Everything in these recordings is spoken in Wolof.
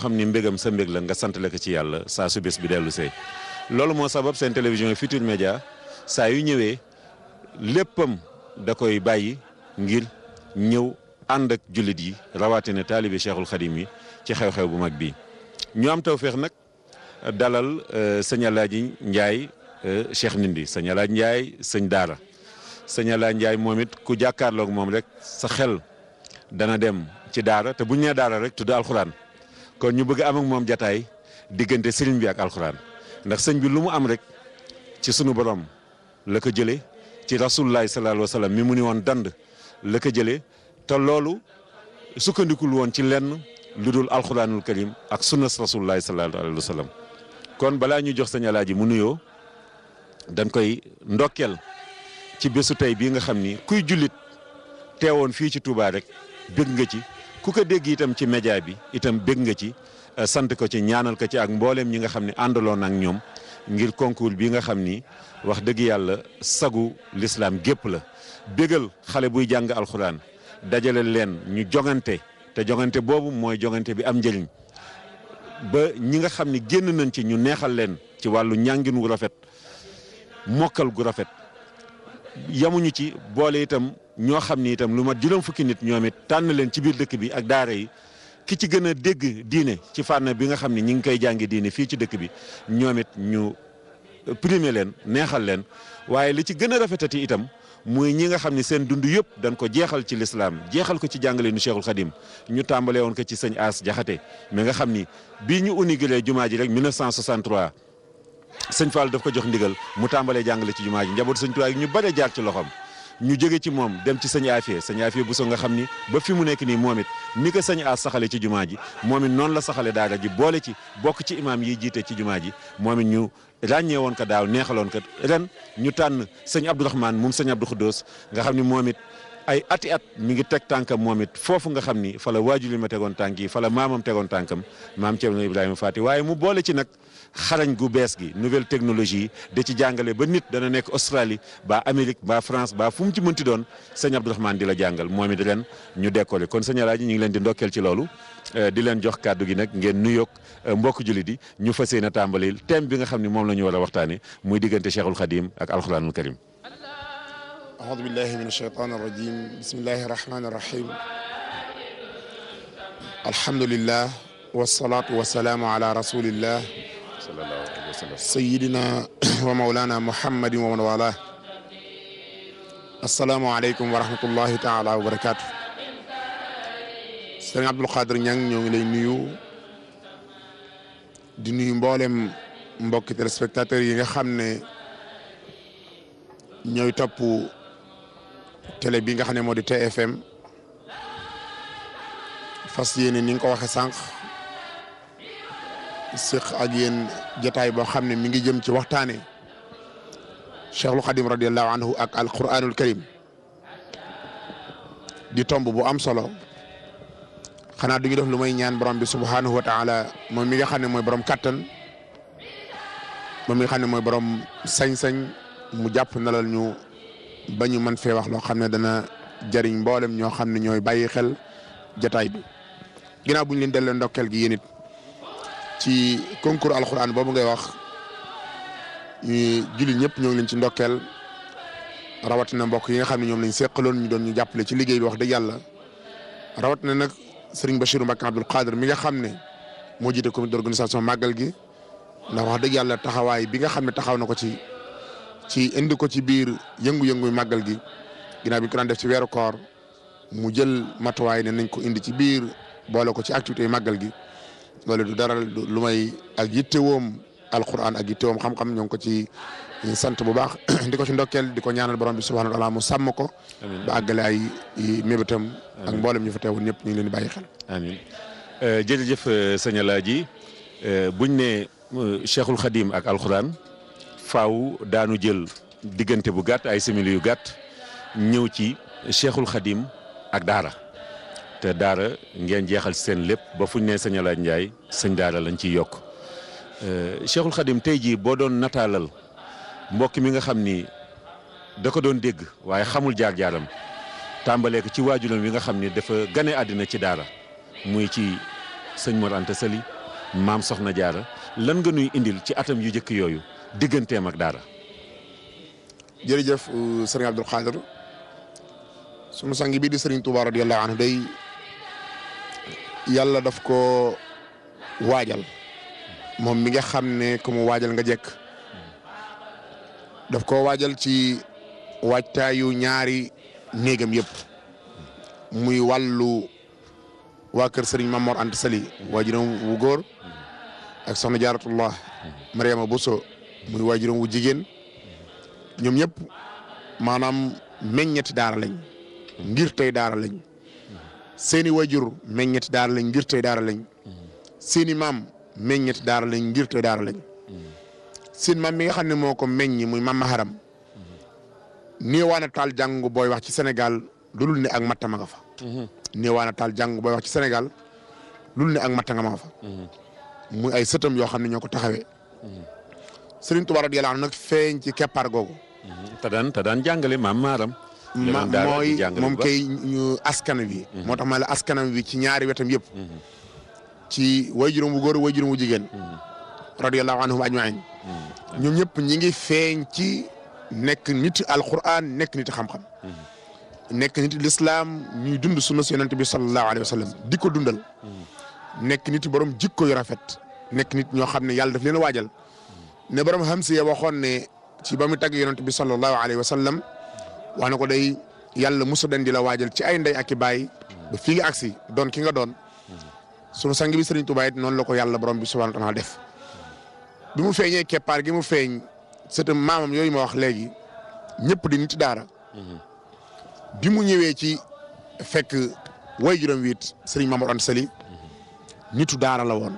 xam ni mbégam sa mbég la nga sant la ci yàlla saa su bés bi dellu see loolu moo sabab seen télévision Futurs Médias saa yu ñëwee léppam da koy bàyyi ngir ñëw ànd ak jullit yi rawatina taalibe Cheikhul Khadim yi ci xew-xew bu mag bi ñu am féex nag dalal euh, sëñ Alaaji Njaay euh, Cheikh Ndindi sëñ Alaaji Njaay sëñ Daara sëñ Alaaji Njaay moom it ku jàkkaarloog moom rek sa xel dana dem ci Daara te bu nee Daara rek tudd alxuraan. kon ñu bëgg am ak moom jataay diggante sëriñ bi ak alxuraan ndax sëñ bi lu mu am rek ci sunu borom la ko jële ci rasulullahi sallallahu alayhi wa mi mu ni woon dand la ko jële te loolu sukkandikul woon ci lenn lu dul alxuraanul karim ak sunnas rasulullahi sallallahu alayhi kon balaa ñuy jox sëñ yi mu nuyoo dañ koy ndokkeel ci bésu tey bii nga xam ni kuy jullit teewoon fii ci Touba rekk bëgg nga ci ku ko dégg itam ci média bi itam bég nga ci euh, sant ko ci ñaanal ko ci ak mbooleem ñi nga xam ni àndaloon ak ñoom ngir concours bi nga xam ni wax dëgg yàlla sagu lislaam gépp la bégal xale buy jàng alxuraan dajale leen ñu jongante te jongante boobu mooy jongante bi am njëriñ ba ñi nga xam ni génn nañ ci ñu neexal leen ci wàllu ñàngin rafet mokkal gu rafet yamuñu ci boole itam ñoo xam ni itam lu mat juróom fukki nit ñoom it tànn leen ci biir dëkk bi ak daara yi ki ci gën a dégg diine ci fànn bi nga xam ni ñi ngi koy jàngi diine fii ci dëkk bi ñoom it ñu primer leen neexal leen waaye li ci gën a rafetati itam muy ñi nga xam ni seen dund yëpp dañ ko jeexal ci lislaam jeexal ko ci jàngale nu Cheikhul Khadim ñu tàmbale woon ko ci sëñ As Jaxate mais nga xam ni bii ñu unigilee jumaa ji rek 1963 sëñ Fall daf ko jox ndigal mu tàmbalee jàngale ci jumaa ji njaboot sëñ Tuubaa ñu bare jaar ci loxoom ñu jóge ci moom dem ci sëñ Afia sëñ bu Bousso nga xam ni ba fi mu nekk nii moom it ni ko sëñ As saxale ci jumaa ji moom it noonu la saxale daara ji boole ci bokk ci imaam yiy jiite ci jumaa ji moom it ñu ràññee woon ko daaw neexaloon ko ren ñu tànn sëñ Abdourahmane moom sëñ Abdou Khoudous nga xam ni moom it ay ati at mi ngi teg tànkam moom it foofu nga xam ni fala la waajur yi ma tegoon tànk yi fa la maamam tegoon tànkam maam Thierno Ibrahima Fati waaye mu boole ci nag xarañ gu bees gi nouvelle technologie da ci jàngale ba nit dana nekk Australie ba Amérique ba France ba fu mu ci mënti doon sëñ Abdourahmane di la jàngal moom it ren ñu décoller kon sëñ Alaaji ñu ngi leen di ndokkeel ci loolu euh, di leen jox kàddu gi nag ngeen nuyoog euh, mbokk jullit yi ñu fas yéene tàmbali thème bi nga xam ne moom la ñu war a waxtaanee muy diggante Cheikhul Khadim ak alxuraanul karim أعوذ بالله من الشيطان الرجيم بسم الله الرحمن الرحيم الحمد لله والصلاة والسلام على رسول الله صلى الله عليه وسلم سيدنا ومولانا محمد ومن والاه السلام عليكم ورحمة الله تعالى وبركاته سيدنا عبد القادر نيانغ نيو لي نيو دي نيو مبولم mboolem mbokki ييغا خامني nga xam télé bii nga xam ne moo di TFM fas yéene ni nga ko waxe sànq séq ak yéen jataay boo xam ne mi ngi jëm ci waxtaane Cheikhul Khadim radiallahu anhu ak alquranul karim di tomb bu am solo xanaa du ñu def lu may ñaan borom bi subhanahu wa taala moom mi nga xam ne mooy borom kattan moom mi nga xam ne mooy borom sañ-sañ mu jàpp nalal ñu ba ñu mën fee wax loo xam ne dana jariñ mboolem ñoo xam ne ñooy bàyyi xel jataay bi ginnaaw buñ ñu leen delloo ndokkeel gi yéen it ci concours alxuraan boobu ngay wax ñuy jullit ñëpp ñoo ngi leen ci ndokkeel na mbokk yi nga xam ne ñoom lañ seqaloon ñu doon ñu jàppale ci liggéey bi wax dëgg yàlla rawatina nag sëriñ Bachirou Mbacké Abdoul Khadir mi nga xam ne moo jiite comité d'organisation màggal gi ndax wax dëgg yàlla taxawaay bi nga xam ne taxaw na ko ci. ci indi ko ci biir yëngu-yëngu màggal gi ginnaaw bi ñu ko daan def ci weeru koor mu jël matuwaay ne nañ ko indi ci biir boole ko ci activité màggal gi wala du dara lu may ak yittewoom alquran ak yittewoom xam-xam ñoo ngi ko ci sant bu baax di ko ci ndokkeel di ko ñaanal borom bi subhanahu wa taala mu sàmm ko. ba àggale ay mébétam ak mboolem ñu fa teewoon ñëpp ñu leen di bàyyi xel. Euh, jërëjëf euh, sëñ Alaaji euh, buñ ne Cheikhul ak alquran. faaw daanu jël diggante bu gàtt ay simili yu gàtt ñëw ci cheikhul xadim ak daara te daara ngeen jeexal seen lépp ba fuñ ne sëñ Alaaj Njaay sëñ daara lañ ciy yokk euh, cheikhul xadim tey jii boo doon nataalal mbokk mi nga xam ni da ko doon dégg waaye xamul jaar-jaaram tàmbalee ko ci waajuram wi nga xam ni dafa gane àddina ci daara muy ci sëñ Mor Anta maam Soxna Jaara lan nga nuy indil ci atam yu jëkk yooyu mak ak Jadi Jeff euh, serigne Abdul khadir sunu sangi bi di serigne touba radiyallahu anhu day yalla daf ko wajal mom mi nga xam ne mu wajal nga jek daf ko wajal ci waajtaayu ñaari negam yëpp muy walu wa keur serigne mamour Anta Sali wajiram wu gor ak sonu jaratullah Mariama muy waajuram wu jigéen ñoom ñëpp maanaam meññeeti daara lañ ngir tey daara lañ seeni waajur meññeeti daara lañ ngir tey daara lañ seeni maam meññeeti daara lañ ngir tey lañ seen maam mi nga xam ne moo ko meññ muy maam Maharam néewaana taal jàngu booy wax ci senegal lulul ne ak matta ma fa. néewaana taal jàngu booy wax ci Sénégal lulul ne ak matta nga ma fa. muy ay sëtam yoo xam ne ñoo ko taxawee. Serigne Touba radiyallahu anhu nag feeñ ci keppaar googu. Mhm. te daan te maam maaram. mooy moom kay askan wi. Mhm. moo tax ma askanam wi ci ñaari wetam yëpp. Mhm. ci waajuram bu góor waajuram bu jigéen. radiyallahu anhum ajmain ñoom ñëpp ñi ngi feeñ ci nekk nit alquran nekk nit xam-xam. nekk nit lislaam ñuy dund sunna si yonente bi sallallahu alayhi wa sallam di ko dundal. nekk nit borom jikko yu rafet. nekk nit ñoo xam ne yàlla daf leen waajal. ne borom Hamsiya waxoon ne ci ba mu tagg yonent bi sallallahu alayhi wa sallam wax na ko day yàlla musa den di la waajal ci ay ndey ak i baay ba fii nga agsi doon ki nga doon sunu sang bi Serigne Touba it noonu la ko yàlla borom bi subhanahu wa taala def bi mu feeñee keppaar gi mu feeñ sëtam maamam yooyu ma wax léegi ñëpp di nit daara bi mu ñëwee ci fekk way juróom wiit Serigne Mamadou Anta Sali nitu daara la woon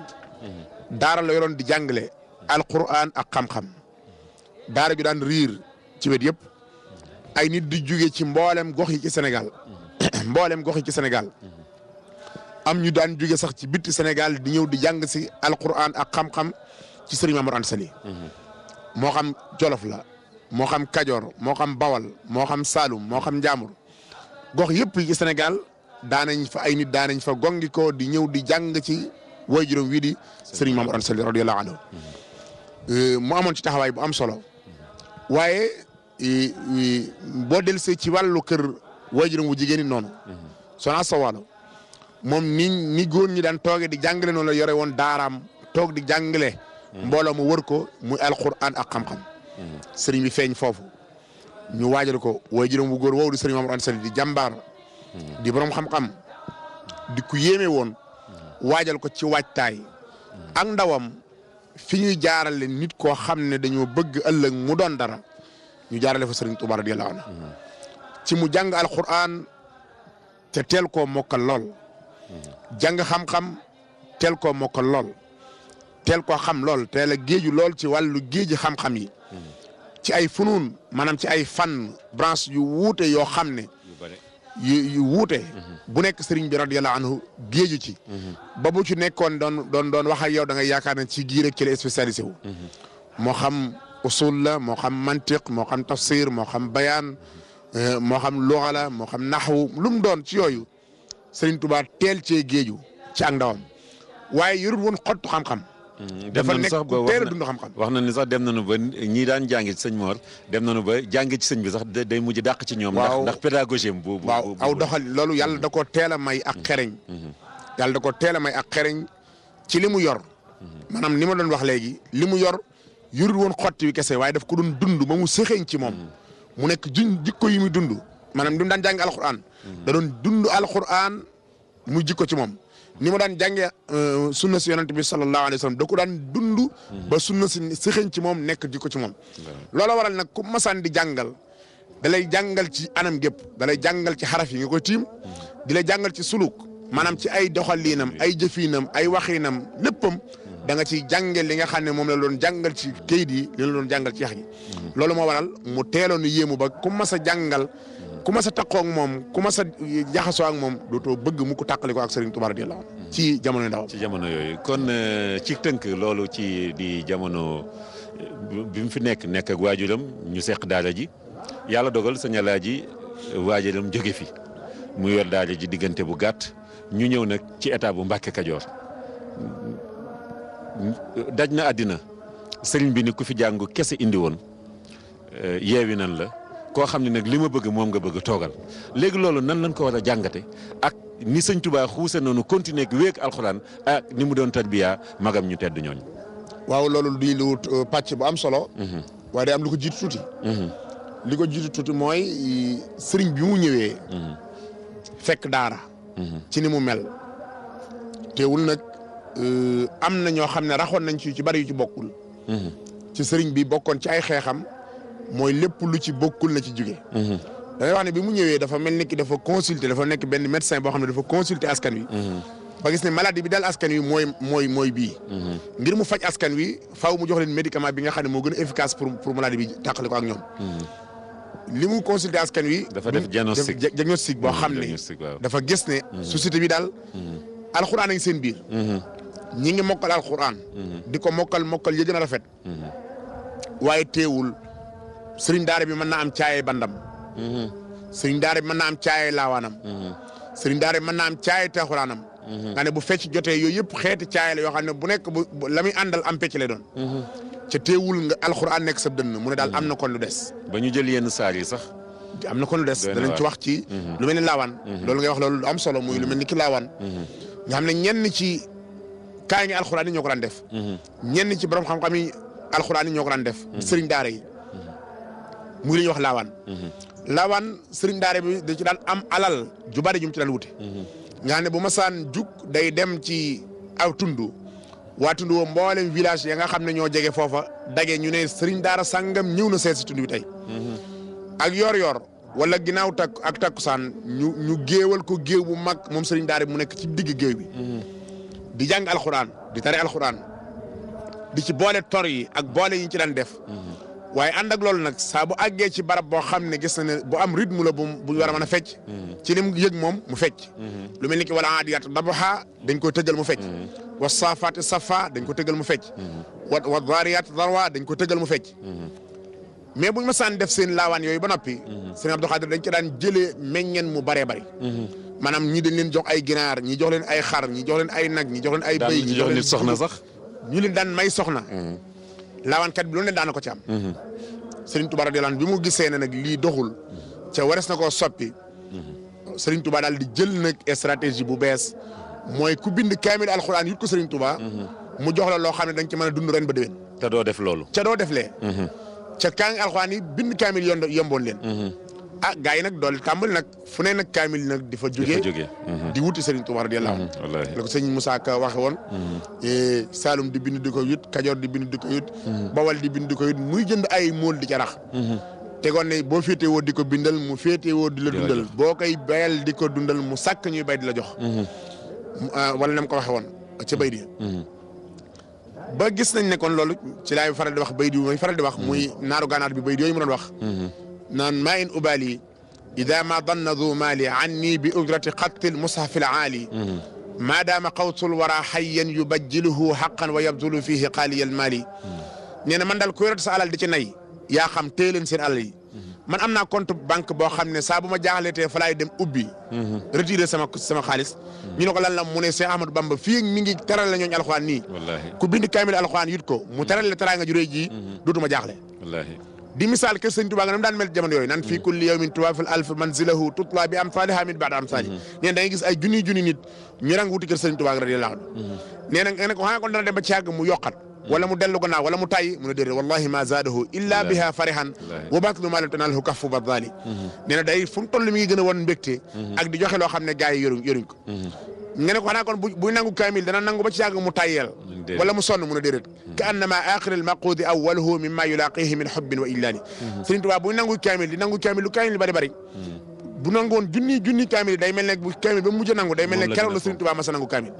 daara la yoroon di jàngale alquran ak xam-xam daara ju daan riir ci wet yëpp ay nit di jóge ci mboolem gox yi ci Sénégal mboolem gox yi ci Sénégal am ñu daan jóge sax ci bitti Sénégal di ñëw di jàng si alquran ak xam-xam ci Serigne Mamour Anta Sali mhm. moo xam Jolof la moo xam Kajoor moo xam Bawal moo xam Saalum moo xam Njaamur gox yëpp yi ci Sénégal daanañ fa ay nit daanañ fa gongi ko di ñëw di jàng ci waajuram wii di Serigne Mamour Anta Sali radiyallahu anhu mhm. Euh, mu amoon ci taxawaay bu am solo waaye boo dellusee ci wàllu kër waajuram wu jigéen ñi noonu. Mm-hmm. Soxna Asta Walo moom ni ni góor ñi daan toogee di jàngale noonu yore woon daaraam toog di jàngale. Mm-hmm. mbooloo mu wër ko muy alquran ak xam-xam. Mm-hmm. sëriñ bi feeñ foofu ñu waajal ko waajuram wu góor woowu di sëriñ Mamadou di jàmbaar. di borom xam-xam di ku yéeme woon. waajal ko ci waajtaay. ak ndawam. fi ñuy jaarale nit koo xam ne dañoo bëgg ëllëg mu doon dara ñu jaarale fa sëriñ Tuubaa radiyallaahu anhu mm-hmm. ci mu jàng alquran te teel koo mokkal lool mm-hmm. jàng xam-xam teel koo mokkal lool teel koo xam lool teel a géeju lool ci wàllu géeji xam-xam yi mm-hmm. ci ay funuun maanaam ci ay fan branche yu wuute yoo xam ne yu wuute mhm. bu nekk sëriñ bi radiyallahu anhu géeju ci mhm. ba bu ci nekkoon doon doon doon wax ak yow da yaakaar ne ci gii rek ci la spécialisé wu mhm. moo xam usul la moo xam mantiq moo xam tafsir moo xam bayaan eh, moo xam luxa la moo xam naxwu lu mu doon ci yooyu sëriñ Tuubaa teel cee géeju ci ak ndawam waaye yorul woon xottu xam-xam Mm-hmm. dafa nekk ku teel a dund xam-xam wax na ni sax dem nañu ba ñii daan jàng ci sëñ Mor dem nañu ba jàng ci sëñ bi sax day mujj dàq ci ñoom ndax ndax pédagogie am bu waaw aw doxal loolu yàlla da ko teel a may ak mm-hmm. xereñ mm-hmm. yàlla ko teel a may ak xereñ ci li mu yor maanaam ni ma doon wax léegi li mu yor yurul woon xotti wi kese waaye def ko doon dund ba mu sëxeeñ ci moom mu nekk juñ jikko yi muy dund maanaam li mu daan jàng alquran da doon dund alquran mu jikko ci moom ni mu daan jàngee euh, sunna si yonent bi sallallahu alayhi wa sallam ko daan dund. ba sunna si sëxëñ ci moom nekk di ko ci moom. loola waral nag ku masaan di jàngal da jàngal ci anam gépp da lay jàngal ci xaraf yi nga ko tiim. di lay jàngal ci suluk maanaam ci ay doxaliinam ay jëfiinam ay waxiinam léppam. da nga ciy jàngal li nga xam ne moom la doon jàngal ci kayit yi li la doon jàngal ci yax yi. loolu moo waral mu teeloon yéemu ba ku mas a jàngal. ku ma sa taqoo moom ku ma sa jaxasoo ak moom dootoo bëgg mu ko tàqali ko ak Serigne Touba radiyallahu mm. ci jamono ndaw ci jamono yooyu kon euh, ci tënk loolu ci di jamono euh, bi mu fi nekk nekk waajuram ñu seq daara ji yàlla dogal sëñ Alaaji euh, waajuram jóge fi mu yor daara ji diggante bu gàtt ñu ñëw nag ci état bu Mbàkke Kajoor daj na àddina sëriñ bi ni ku fi jàng kese indi woon yeewi nan la koo xam ne nag li ma bëgg moom nga bëgg toogal léegi loolu nan lañ ko war a jàngate ak ni sëñ Tuubaa xuuse noonu continuer ak wéeg alxuraan ak ni mu doon tarbiya magam ñu tedd ñooñu. waaw loolu di lu euh, pàcc bu am solo. Mhm. waaye day am lu ko jiitu tuuti. Mhm. li ko jiitu tuuti mooy sëriñ bi mu ñëwee. Mhm. fekk daara. ci ni mu mel. teewul nag euh, am na ñoo xam ne raxoon nañ ci ci bari yu ci bokkul. ci sëriñ bi bokkoon ci ay xeexam. moy lepp lu ci bokul na ci hmm damay wax ne bi mu ñëwee dafa melni ki dafa consulter dafa nek ben médecin bo xam dafa consulter askan wi hmm ba gis ne maladie bi dal askan wi moy moy moy bi hmm ngir mu faj askan wi faaw mu jox leen médicament bi nga xam mo moo efficace pour pour maladie bi takaliko ak ñom hmm limu consulter askan wi dafa def diagnostic diagnostic bo mhm, ne dafa gis ne mhm. société bi dal mhm. alcorane a ngi seen biir ñi ngi mokkal alxuraan di ko mokkal mokkal yëgën a rafet waaye teewul sëriñ daare bi mën naa am caayee bandam. sëriñ daara bi mën naa am caayee laawaanam. Mhm. sëriñ daara mën naa am caayee mhm. taxuraanam. Mhm. nga ne bu fecc jotee yooyu yëpp xeeti caay la yoo xam ne bu nekk bu la muy am pecc lay doon. ca teewul nga alxuraan nekk sab dënn mu ne daal am na kon lu des. ba ñu jël yenn saar yi sax. am na kon lu des danañ ci wax ci. lu mel ni laawaan. loolu ngay wax loolu lu am solo muy lu mel ni ki laawaan. nga xam ne ñenn ci kaa ngi alxuraan yi ñoo ko daan def. ñenn ci borom xam-xam yi alxuraan yi ñoo ko daan def. sëriñ daara yi. muy li ñuy wax laawaan. Mhm. laawaan sëriñ daara bi da ci daan am alal ju bari ju ci daan wute. Mhm. nga xam ne bu masaan jug day dem ci aw tund. waa tundu woo mboolem village ya nga xam ne ñoo jege foofa dage ñu ne sëriñ daara sangam ñëw na seet si tund bi tey. Mhm. ak yor-yor wala ginnaaw takk ak takkusaan ñu ñu géewal ko géew bu mag moom sëriñ daara bi mu nekk ci digg géew bi. di jàng alxuraan di tare alxuraan di ci boole tor yi ak boole yi ñu ci daan def. waaye ànd ak loolu nag saa bu àggee ci barab boo xam ne gis na ne bu am rythme la bu bu war a mën a fecc ci li mu yëg moom mu fecc lu mel ni ki wala aadiyaat dabaxa dañ koy tëggal mu fecc wa saafaati safa dañ ko tëggal mu fecc wa wa daariyaat darwa dañ ko tëggal mu fecc mais buñ ma saan def seen laawaan yooyu ba noppi sëñ Abdou Khadir dañ ci daan jëlee meññeen mu baree bari maanaam ñii dañ leen jox ay ginaar ñi jox leen ay xar ñi jox leen ay nag ñi jox leen ay béy ñi jox leen soxna sax ñu leen daan may soxna laawaankat bi loolu ne daana ko ci am. Mhm. Serigne Touba radiyallahu anhu bi mu gisee ne nag lii doxul ca wares na koo soppi. Mhm. Serigne Touba daal di jël ne stratégie bu bees mooy ku bind kaamil alxuraan yit ko Serigne Touba. Mhm. mu jox la loo xam ne da ci mën a dund ren ba déwén. ca doo def loolu. ca doo def le ca kaang alxuraan yi bind kaamil yomboon leen. ah gars yi nag dool tàmbali nag fu ne nag kaamil nag di fa jógee di mm-hmm. Mm-hmm. wuti Serigne Touba radiyallahu mm-hmm. la ko sëñ Moussa Ka waxe woon eh, Saalum di bind di ko yut Kajoor di bind di ko yut Bawal di bind di ko yut muy jënd ay mool di ca rax tegoon ne boo féetee woo di ko bindal mu féetee woo di la dundal boo koy bayal di ko dundal mu sàkk ñuy bay di la jox ah, wala na mu ko waxe woon ca bay di ba gis nañ ne kon loolu ci laay faral di wax bay di may faral di wax muy naaru gànnaar bi bay di yooyu mu wax نان ما إن أبالي إذا ما ظن ذو مالي عني بأجرة قتل مصحف العالي ما دام قوت الورى حيا يبجله حقا ويبذل فيه قالي المالي نينا من دال كويرت سأل الدجنائي يا خم تيلن سين علي من أمنا كنت بنك بو خم نسابو ما جاهلة فلاي دم أبي رجيرة سما سما خالص مينو قال لهم من سي أحمد بامب في مينجي ترى لن ينجل خواني كبين كامل الخوان يدكو مترى لترى عن جريجي دودو ما جاهلة di misaal kër sëñ Tuubaa nga nam daan mel jamono yooyu nan fii kulli yawmin tuwaafil alf manzilahu tutla bi am saali hamid baada am saali mhm. nee da ngay gis ay junniy junni nit ñu rang wuti kër sëñ Tuubaa radiyallaahu anhu mhm. nee na nga ne ko xanaa kon dana dem ba ci yàgg mu yokkat wala mu dellu gannaaw wala mu tàyyi mu ne déedéet wallahi ma zaadahu illa biha farihan wa batlu ma lam tanalhu kaffu badali mhm. nee na day fu mu toll mi ngi gën a woon mbégte ak di joxe loo xam ne gars yi yoruñ yoruñ ko nga ko xanaa kon bu nangu kamil dana nangu ba ci yag mu tayel wala mu sonu mu ne déedéet ka annama akhir al maqud awwaluhu mimma yulaqihi min hubbin wa illani serigne touba bu nangu kamil di nangu kamil lu kaamil bari bari bu nangone junni junni kamil day melne bu kamil ba mujj nangu day melne kero keroog la Sëriñ Tuubaa mas a nangu kaamil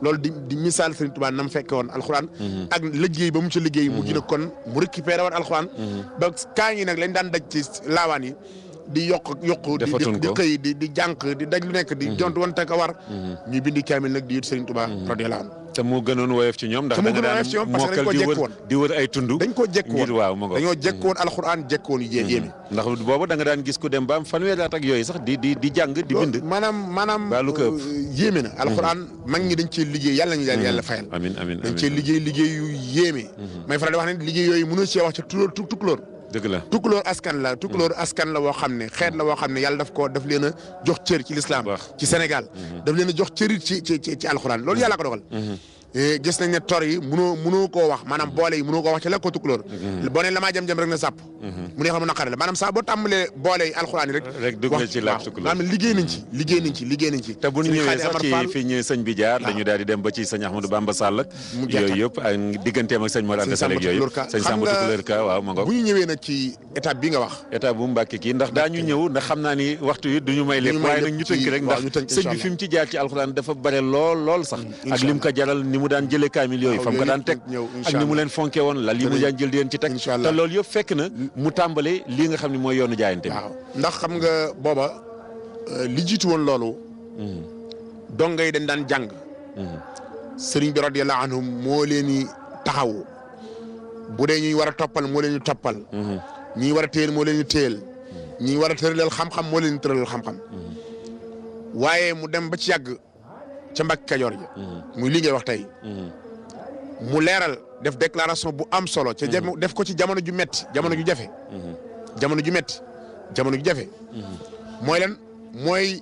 loolu di di misal serigne touba nam fekke woon alxuraan ak liggey ba mu ci liggey mu gina kon mu récupéré woon alxuraan ba kaa nak lañ dan daj ci lawani di yokk yokk di di xëy di di jànq di daj lu nekk di mhm. jont wante ka war mhm. ñu bindi kaamil nag di yut Serigne Touba mhm. radiyallahu anhu te moo gënoon woyof ci ñoom ndax dañu daan mokkal di wër di wër ay tund dañ koo jekk woon waaw ma dañoo jekk woon alxuraan ndax boobu da daan gis ku dem ba am fanweeri at ak yooyu sax di di di jàng bind maanaam maanaam baalu ko euh, yéeme na alxuraan mag ñi dañ cee liggéey yàlla ñu daal yàlla fayal amiin amiin dañ cee liggéey liggéey yu yéeme may faral di wax ne liggéey yooyu mënoo cee wax ci tukulóor dëgg la tukulóor askan la tukulóor mm-hmm. askan la woo xam ne xeet la woo xam ne yàlla daf ko daf leen a jox cër ci lislaam ci Sénégal mm-hmm. daf leen a jox cërit ci ci ci alxuraan loolu mm-hmm. yàlla dogal Eh, gis nañ ne tor yi mënoo mënoo koo wax maanaam boole yi mënoo koo wax ci la ko mm-hmm. boo ne la maa jëm jëm rek na sàpp mm-hmm. mu neexal mu naqare la maanaam saa boo tàmbalee boole yi alxuraan yi rek rek ci la tukulóor Ka ma nga bu ñu ñëwee nag ci étape bi nga wax étape bu Mbàkke kii ndax daañu ñëw ndax xam naa ni waxtu yi duñu may lépp ñu tënk rek ndax sëñ bi fi ci jaar ci alxuraan dafa bare lool lool sax mm-hmm. ak lim ko jaral ni mu daan jëlee kaamil yooyu fa mu ko daan teg ak ni mu leen fonke woon lal yi mu daan jël di leen ci teg te loolu yëpp fekk na mu tàmbale lii nga xam ne mooy yoonu jaayante bi ndax xam nga booba euh, li jiitu woon loolu hmm. donga yi dañ daan jàng hmm. sëriñ bi radiyallahu anhu moo leen i taxawu bu dee ñuy war a toppal moo leen ñu toppal hmm. ñi war a téyel moo leen ñu téyel ñi war xam-xam moo leen ñu tëralal xam-xam waaye mu dem ba ci yàgg ca Mbàkke muli ja mm-hmm. muy li ngay wax tey mm-hmm. mu leeral def déclaration bu am solo ca mm-hmm. def ko ci jamono ju metti jamono ju jafe jamono ju metti jamono ju jafe mooy lan mooy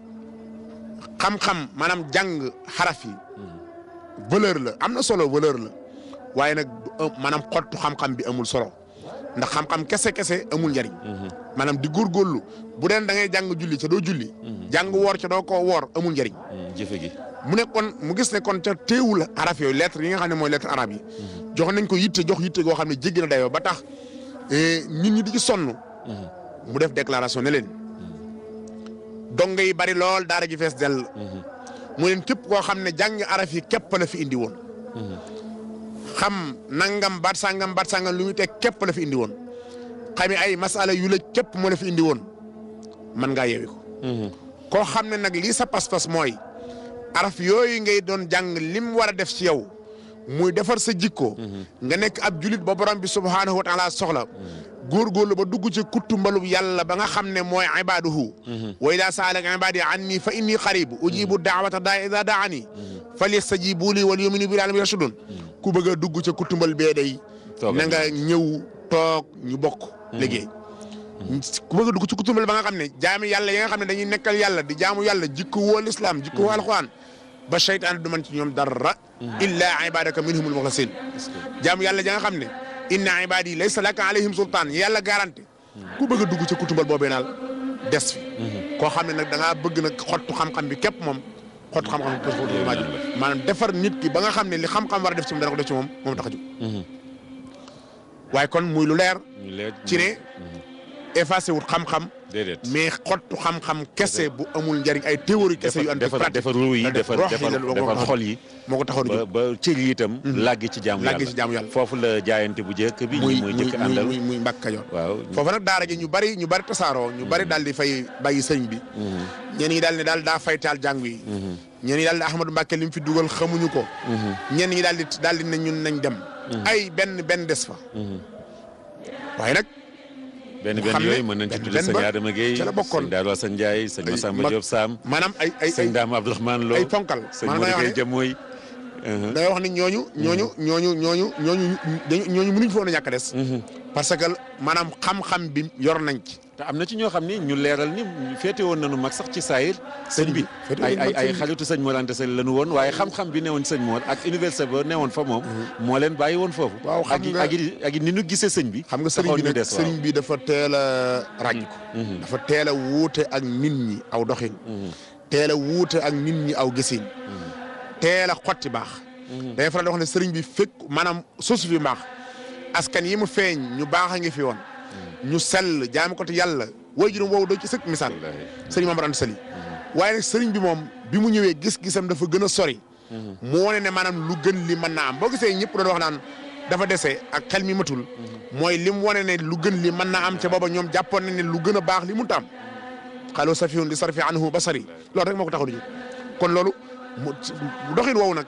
xam-xam maanaam jàng xaraf yi valeur la am solo valeur la waaye nag euh, maanaam xottu xam-xam bi amul solo ndax xam-xam kese kese amul njariñ manam di góorgóorlu bu deen da ngay jàng julli ca doo julli jàng woor ca doo ko woor amul njariñ mm, jëfe gi mu ne kon mu gis ne kon ca teewul araf yooyu lettre yi nga xam ne mooy lettre arabe yi. jox nañ ko yitte jox yitte goo xam ne jéggi na dayoo ba tax eh, nit ñi di ci sonn. mu def déclaration ne leen. dongo yi bari lool daar ji fees dell. mu leen képp koo xam ne jàng araf yi képp la fi indi woon. xam nangam baat sangam baat sangam lu muy teg képp la fi indi woon. xami ay masala yu la képp moo la fi indi woon mën ngaa yeewi ko. Mhm. koo xam ne nag lii sa mooy. araf yooyu ngay doon jàng lim war a def ci yow muy defar sa jikko. Mhm. nga nekk ab julit ba borom bi subhaanahu wa taala soxla. la ba dugg ci kuttu mbalub ba nga xam ne mooy ibaaduhu mhm. wa idaa saalaka ibaadi anni fa inni qarib mhm. ujibu daawata daa idaa daani falyastajibu li wal yuminu bi laalami rasudun ku bëgg a dugg ca kuttu mbal bee day na nga ñëw ñu bokk liggéey ku bëgg a dugg ci kuttu mbal ba nga xam ne jaami yàlla yi nga xam ne dañuy nekkal yàlla di jaamu yàlla jikko woo lislaam jikko ba seytaane du man ci ñoom dara illa ibadaka minhum almuxlasin jaam yàlla ja nga xam ne inna ibadi laysa laka alayhim sultaan yàlla garanti ku bëgg a dugg ci kutumbal boobee naal des fi koo xam ne nag da ngaa bëgg nag xottu xam-xam bi képp moom xottu xam-xam bi xottu maaji maanaam defar nit ki ba nga xam ne li xam-xam war a def ci moom dana ko def ci moom moom tax a jóg waaye kon muy lu leer ci ne effacé wut xam-xam. déedéet mais xottu xam-xam kese bu amul njariñ ay théorie kese yu. anti pratique defar ruu yi defar defar xol yi. moo ko taxoon ba ba cër yi itam. Mhm. làggi ci yàlla foofu la jaayante bu jëkk bi. muy muy muy muy muy Mbàkke Kajoor. waaw foofu nag ñu bari ñu bari tasaaroo. ñu bari mhm. daal di fay bàyyi sëñ bi. Mhm. ñenn ñi daal ne daal daa fay taal jàng yi. ñenn ñi daal ne Ahmadou Mbàkke li mu fi dugal xamuñu ko. ñenn ñi daal di daal di ne ñun nañ dem. ay benn benn des fa. waaye nag benn benn yooyu mën nañ ci tudd sëñ Adama Gueye ca la bokkoon sëñ Daaru Asan Njaay sëñ Masamba Diop Sam maanaam ay ay sëñ Daam Abdourahmane Lo ay ponkal sëñ Modou Gueye Jamoy day wax ni ñooñu ñooñu ñooñu ñooñu ñooñu ñooñu mënuñ fa woon a ñàkk des parce que manam xam-xam bi yor nañ ci. te amna ci ño xam ni ñu leral ni fété won nañu mak sax ci saayir sëñ bi ay ay ay xaritu sëñ Mor Anta Sali lañu won waye xam-xam bi newon sëñ Mor ak université ba newon fa mom mo leen bàyyi won fofu waaw xam nga ak ak ni ñu gisee sëñ bi. xam nga señ bi nak señ bi dafa téla rañ ko. dafa téla wuté ak nit ñi aw doxine téla wuté ak nit ñi aw gisin. téla xoti bax day fa la wax ne señ bi fekk manam sosu bi bax askan yi mu feeñ ñu baax a ngi fi woon ñu sell jaam ko te yàlla waajuram woowu doo ci sëkk misaal sëriñ Maam Mor Anta Sali waaye sëriñ bi moom bi mu ñëwee gis-gisam dafa gën a sori mm-hmm. mu wone ne maanaam lu gën li mën naa am boo gisee ñëpp doon wax naan dafa dese ak xel mi matul mm-hmm. mooy lim wane ne lu gën li mën naa am ca booba ñoom jàppoon nañ ne lu gën a baax li mu taam xaaloo safihun li sarfi anhu basari loolu rek moo ko taxoon kon loolu mu doxin woowu nag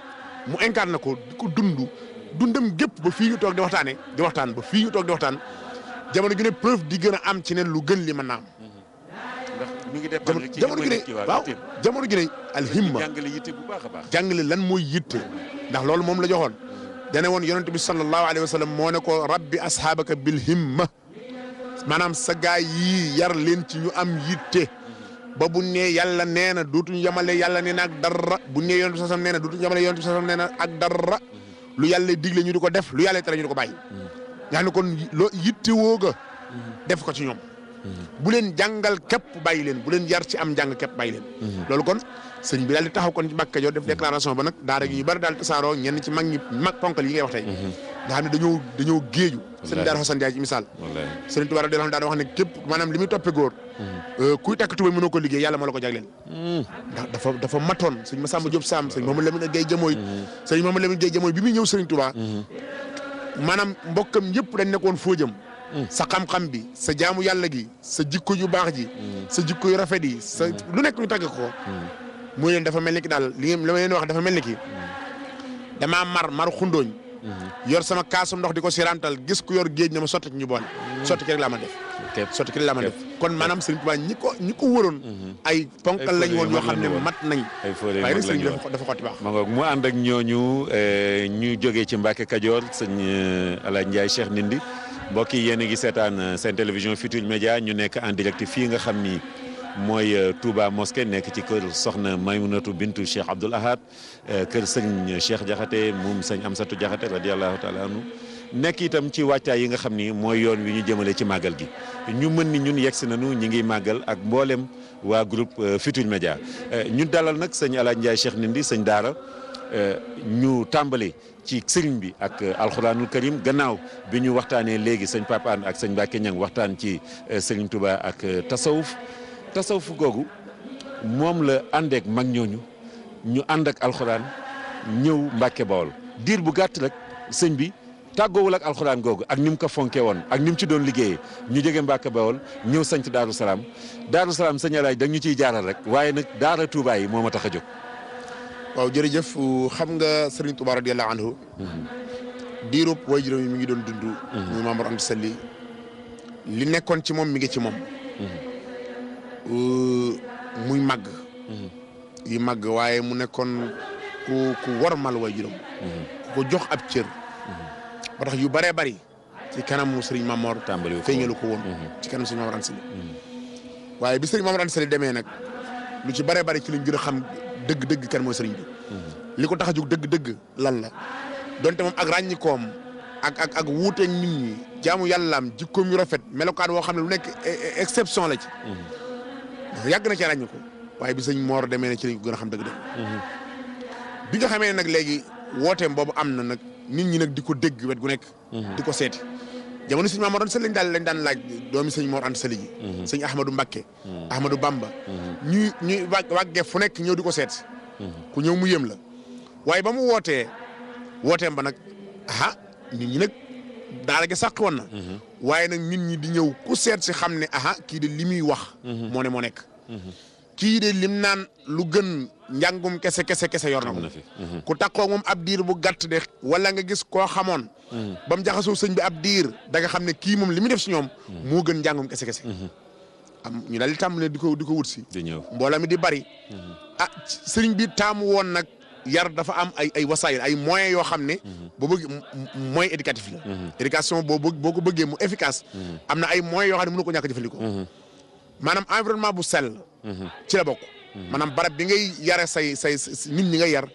mu incarné ko di ko dund dundam gep ba fi ñu tok di waxtane di waxtane ba fi ñu tok di waxtane jamono gi ne preuve di gëna am ci ne lu gën li mën naa am. jamono gi ne jamono gi ne alhimma jàngale yitte bu baax baax jàngale lan moy yitte ndax loolu mom la joxoon dene won yonent bi sallallahu alaihi wasallam mo ne ko rabbi ashabaka bil himma manam sa gaay yi yar leen ci ñu am yitte ba bu ne yalla neena dutu dootuñu yamale yàlla nee na dara bu ne yonent sallallahu alaihi wasallam neena dutu na dootuñu yamale yonent sallallahu alaihi wasallam neena ak dara lu yàlla digle ñu di ko def lu yàlla tere ñu di ko bàyyi. nga xam kon loo yittewoo nga def ko ci ñoom. bu leen jàngal képp bàyyi leen bu leen yar ci am njàng képp bàyyi leen. loolu kon sëñ bi daal di taxaw kon ci Mbàkke Kajoor def déclaration ba nag daara gi yu bari daal tasaaroo ñenn ci mag ñi mag ponkal yi ngay wax tey. nga xam ne dañoo dañoo géeju sëriñ Daara Xasan Njaay ci misaal sëriñ Tuubaa daan wax ne képp maanaam li muy toppe mm-hmm. euh, kuy takk tubéy mënoo ko liggéey yàlla moo la ko jagleel mm. ndax dafa dafa matoon sëñ Masamba Jóob Saam sëñ Mamadou Lamine Gay Jamooy sëñ Mamadou Lamine Gay Jamooy bi muy ñëw sëriñ Tuubaa mm-hmm. maanaam mbokkam yëpp dañ nekkoon foo jëm mm. sa xam-xam bi sa jaamu yàlla gi sa jikko yu baax ji mm. sa jikko yu rafet yi sa lu nekk ñu tagg ko mooy leen dafa mel ni ki daal li la ma leen wax dafa mel ni ki damaa mar mar xundooñ Mhm. yor sama kaasum ndox di ko sirantal gis ku yor géej na ma sotti ñu boole mhm. sotti ki rek laa ma def sotti ki rek laa ma def kon maanaam sëriñ Tuubaa ñi ko ñi ko wëroon mhm. ay ponkal lañ woon yoo xam ne mat nañ waaye rek sëriñ bi dafa xotti baax ma ngoog mu ak ñooñu eh, ñu jógee ci Mbàkke Kajoor sëñ eh, Alaaji Ndiaye Cheikh Ndindi mbokk yi yéen a ngi seetaan eh, seen télévision Futurs Médias ñu nekk en direct fii nga xam ni mooy euh, Touba mosquée nekk ci kër soxna Maymunatu bintu Cheikh Abdoul Ahad euh, kër sëñ Cheikh Diakhaté moom sëñ Amsatu Diakhaté radiyallahu taala anhu nekk itam ci wàccaay yi nga xam ni mooy yoon wi ñu jëmale ci màggal gi ñu mën ni ñun yegsi nañu ñu ngi màggal ak mboolem waa groupe euh, Futurs Médias ñu dalal nag sëñ Alaaji Ndiaye Cheikh Ndindi sëñ Daara ñu tàmbali ci sëriñ bi ak alxuraanul karim gannaaw bi ñu waxtaanee léegi sëñ Pape Anne ak sëñ Mbacke Niang waxtaan ci sëriñ Touba ak tasawuf tasawuf googu moom la àndeek mag ñooñu ñu ànd ak alxuraan ñëw Mbàkke Bawol diir bu gàtt rek sëñ bi tàggoowul ak alxuraan googu ak ni ko fonke woon ak ni mu ci doon liggéeyee ñu jóge Mbàkke Bawol ñëw sanc Daaru Salaam Daaru Salaam sëñ Alaaj dañu ciy jaaral rek waaye nag daara Tuubaa yi moom ma tax a jóg. waaw jërëjëf xam nga Sëriñ Tuubaa radiyallaahu anhu. diirub waajuram yi mi ngi doon dund. Mhm. muy Maam nekkoon ci moom mi ngi ci moom. Mhm. Euh, muy màgg. Mm-hmm. yi màgg waaye mu nekkoon ku ku wormal waajuram. Mm-hmm. ku ko jox ab cër. Mm-hmm. ba tax yu bëree bari ci kanamu Serigne Mamor. tàmbali feeñalu ko woon. ci kanam Serigne Mamor Ansali. waaye bi Serigne Mamor Ansali demee nag lu ci bëree bëri ci liñ gën a xam dëgg-dëgg kan mooy Serigne bi. li ko tax a jóg dëgg-dëgg lan la donte moom ak ràññikoom ak ak ak wuuteeg nit ñi jaamu yàllaam jikkoom yu rafet melokaan woo xam ne lu nekk e-, e-, exception la ci. dafa yàgg na ci ràññ ko waaye bi sëñ moor demee na ci lañ ko gën a xam dëgg dëgg mhm. bi nga xamee ne nag léegi wooteem boobu am na nag nit ñi nag di ko dégg wet gu nekk mhm. di ko seeti jamono sëñ Mamadou Sall lañ daal lañ daan laaj doomi sëñ moor Anta sëli ji mhm. sëñ Ahmadou Mbakke Ahmadou Bamba ñuy ñuy wàggee fu nekk ñëw di ko seet ku ñëw mu yëm la waaye ba mu wootee wooteem ba nag ah nit ñi nag daara gi sàq woon na waaye nag nit ñi di ñëw ku seet si xam ne aha kii de li muy wax. Mhm. moo ne moo nekk. Mhm. kii de lim naan lu gën njàngum kese kese kese yor na ko. Mhm. ku takkoo moom ab diir bu gàtt de. wala nga gis koo xamoon. ba mu jaxasoo sëñ bi ab diir da nga xam ne kii moom li mu def si ñoom. moo gën njàngum kese kese. ñu daal di tàmbalee di ko di ko wut si. di ñëw mi di bari. ah sëriñ bi taamu woon yar dafa am ay ay wasaayil ay moyens yoo xam ne. Mhm. boo bëgg moyen éducatif la. Mhm. éducation boo boo ko bëggee mu efficace. Mhm. am na ay moyens yoo xam ne mënu ko ñàkk a jëfandikoo. maanaam environnement bu sell. ci la bokk. maanaam barab bi ngay yare say say nit ñi ngay yar.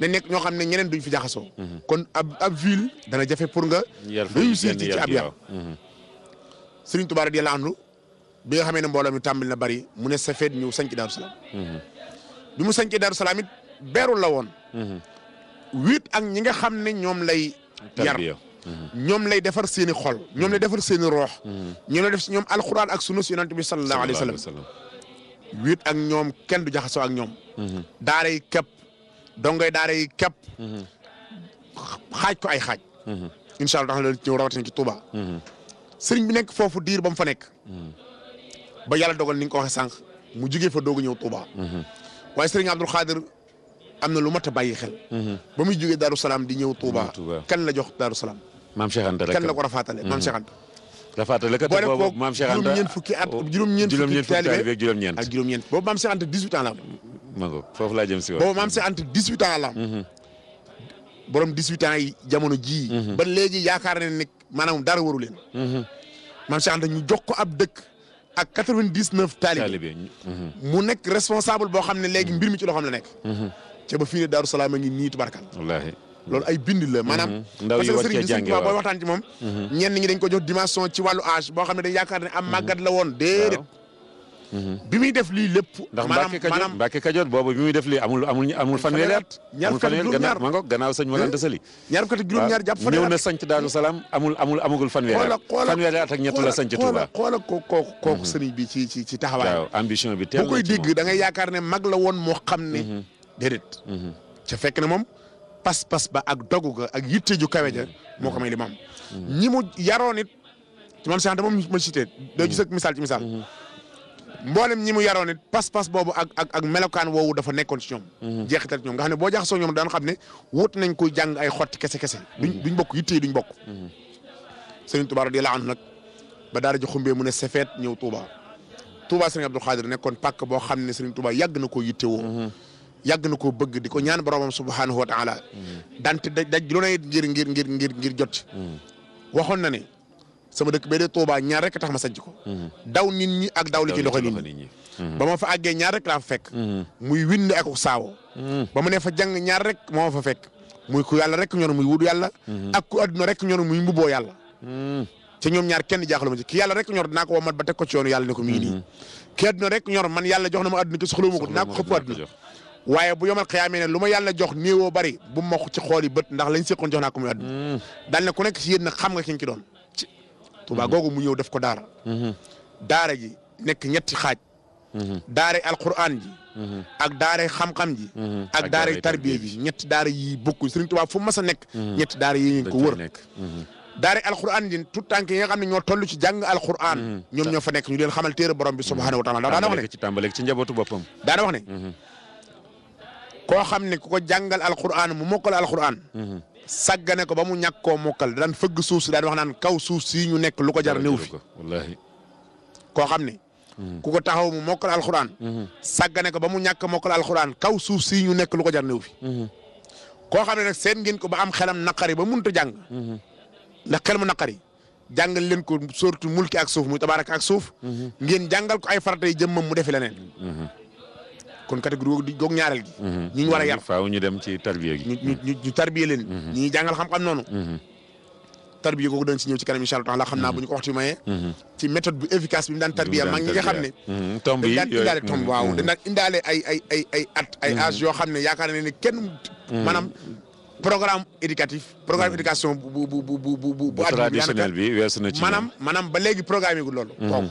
na nekk ñoo xam ne ñeneen duñ fi jaxasoo. kon ab ab ville dana jafe pour nga. réussir ci ab yar. Serigne Touba radiyallahu anhu bi nga xamee ne mbooloo mi tàmbali na bari mu ne Safed ñëw sanc Daaru Salaam. bi mu sancee Daaru beru la woon. huit mhm. ak ñi nga xam ne ñoom lay. yar mhm. ñoom lay defar seeni i xol ñoom lay defar seeni rox roox. Mhm. ñoom def si ñoom alxuraan ak sunna si yonent bi sallallahu alayhi wa sallam. huit ak ñoom kenn du jaxasoo ak ñoom. daara yi képp dongoy daara yi képp. xaaj ko ay xaaj. incha allah daal ci ñëw ci Touba. sëriñ bi nekk foofu diir ba mu fa nekk. ba yàlla dogal ni ko waxee sànq mu jugee fa doog ñëw Touba. waaye sëriñ Abdul am na lu mat a bàyyi xel. Mhm. ba muy jógee Darou Salaam di ñëw Touba. kan la jox Darou Salaam. maam Cheikh Anta la ko rafaatale maam Cheikh Anta. Mhm. rafaatale kat boobu maam Cheikh Anta juróom-ñeent fukki oh, ñeent fukki taalibe ak foofu laa jëm si boobu maam Cheikh Anta 18 ans la am. Mhm. borom yi jamono jii. ba léegi yaakaar ne ne maanaam dara waru leen. maam Cheikh ñu jox ko ab dëkk. ak quatre-vingt-dix-neuf taalibe mu nekk responsable boo xam ne léegi mbir mi ci loo xam ne nekk ca a fi ne Daaru Salaam a ngi nii tubarkal wallaahi ay bind la maanaam mm-hmm. ndaw que sëriñ bi sëriñ Tuubaa waxtaan ci moom mm-hmm. ñenn ñi dañ ko jox dimension ci wàllu âge boo xam ne dañ yaakaar ne am mm-hmm. màggat la woon déedéet bi muy def lii lépp ndax Mbàkke Kajoor Mbàkke Kajoor boobu bi muy def lii amul amul amul amul fanweeri gannaaw ma ngo gannaaw sëñ Malanta eh? Sali ñaar fukki juróom-ñaar ah, jàpp fanweeri ñëw na sanc Daaru Salaam amul amul amagul fanweeri at fanweeri at ak ko kooku kooku sëriñ bi ci ci ci taxawaay ambition bi teel bu koy da ngay yaakaar ne mag la woon moo xam ne déedéet. ca fekk na moom pas-pas ba ak dogu ga ak yitte ju kawe ja moo ko may li mu am. ñi mu yaroon it ci maam Cheikh moom ma cité day gis sa misaal mboolem ñi mu yaroon it pas-pas boobu ak ak ak melokaan woowu dafa nekkoon ci ñoom. jeexital ci ñoom nga xam ne boo jaxasoo ñoom daan xam ne wut nañ koy jàng ay xotti kese kese. duñ duñ bokk yitte yi duñ bokk. Serigne Touba radiyallahu anhu nag ba daara ji xumbee mu ne Sefeet ñëw Touba Touba Serigne Abdou Khadir nekkoon pàkk boo xam ne Serigne Touba yàgg na koo yittewoo. yàgg na ko bëgg di ko ñaan boromam subhanahu wa taala dante daj lu ne ngir ngir ngir ngir ngir jot ci waxoon na ne sama dëkk bee de ñaar rek tax ma sajj ko daw nit ñi ak daw li ci loxo nit ñi ba ma fa àggee ñaar rek laa fa fekk mm-hmm. muy wind ak saawo mm-hmm. ba mu ne fa jàng ñaar rek moo fa fekk muy ku yàlla rek ñor muy wut yàlla mm-hmm. ak ku adduna rek ñor muy mbubboo yàlla te ñoom ñaar kenn jaaxaluma ci ki yàlla rek ñor dinaa ko womat ba teg ko ci yoonu yàlla ko mi ki jox na ma adduna ki soxlawuma ko dinaa waaye bu yomal xiyaamee ne lu ma yàlla jox néewoo bari bu ma ci xool yi bët ndax lañ seqoon jox naa ko muy àdd mm. daal ne ku nekk si yéen nag xam nga ki nga ci doon Tuubaa mm. googu mu ñëw def ko daara mm-hmm. daara ji nekk ñetti xaaj mm-hmm. daara alquran ji mm-hmm. ak daara xam-xam ji ak daara tarbiya bi ñetti daara yi bokku Sëriñ Tuubaa fu mas nekk ñetti daara yi ñu ko wër daare alquran ji tout tànk yi xam ne ñoo toll ci jàng alquran ñoom ñoo fa nekk ñu leen xamal bi subhaanahu wa taala daana wax njabootu boppam koo xam ne ku ko jàngal alquran mu mokkal alquran. Mhm. sàggane ko ba mu ñàkk koo mokkal daan fëgg suuf si daan wax naan kaw suuf sii ñu nekk lu ko jar néew fi. wallaahi koo xam ne. Mhm. ku ko taxaw mu mokkal alquran. Mhm. sàggane ko ba mu ñàkk mokkal alquran kaw suuf sii ñu nekk lu ko jar néew fi. koo xam ne nag seen ngeen ko ba am xelam naqari ba mënut a jàng. ndax xel mu naqari. jàngal leen ko surtout mulki ak suuf mu tabaaraka ak suuf. ngeen jàngal ko ay farata yi jëmmam mu defi leneen. kon catégorie goog ñaareel gi. Mhm. ñu ñu war a yar ñu dem ci tarbiya gi. ñu ñu ñu tarbiya leen. ñu mhm. ñuy jàngal xam-xam noonu. Mhm. tarbiya googu dañ ci ñëw ci kanam incha allah xam naa bu ñu ko waxtu mayee. ci méthode bu efficace bi mu daan tarbiya mag ñi xam ne. tomb yi yooyu dañ daan indaale tomb waaw dañ daan indaale ay ay ay ay yoo xam ne yaakaar na ne kenn. maanaam programme éducatif. programme éducation bu bu bu bu bu bu. bu traditionnel bi weesu na ci maanaam maanaam ba léegi programmee yi loolu. kooku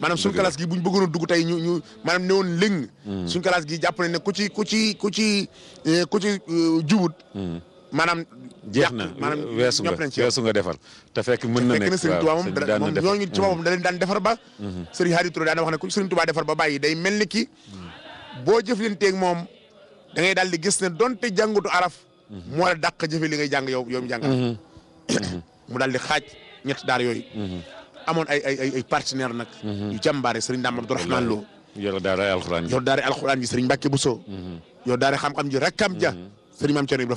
maanaam suñu classe gi bu ñu bëggoon a dugg tey ñu ñu maanaam ne woon lëng hmm. suñu classe gi jàpp ne ku ci ku ci ku ci eh, ku ci eh, jubut hmm. maanaam jeex na maanaam weesu nga weesu nga defar te fekk mën na nekk Sëriñ Tuubaa moom moom ñooñu ci boppam hmm. da daan defar ba Sëriñ Hadi Touré daan wax ne ku Sëriñ Tuubaa defar ba bàyyi day mel ni ki boo jëflanteeg moom da ngay daal di gis ne donte jàngutu araf moo la dàq jëfe li ngay jàng yow yow mu jàng mu daal di xaaj ñett daar yooyu amoon ay ay ay partenaire nag. Mhm. yu jàmbaare sëriñ Dame Abdourahmane Lo. yor daara alxuraan ji yor daara alxuraan ji sëriñ Mbacke Bousso. Mhm. yor daara xam-xam ji rakkam ja. Mhm. sëriñ ma Thierno Ibra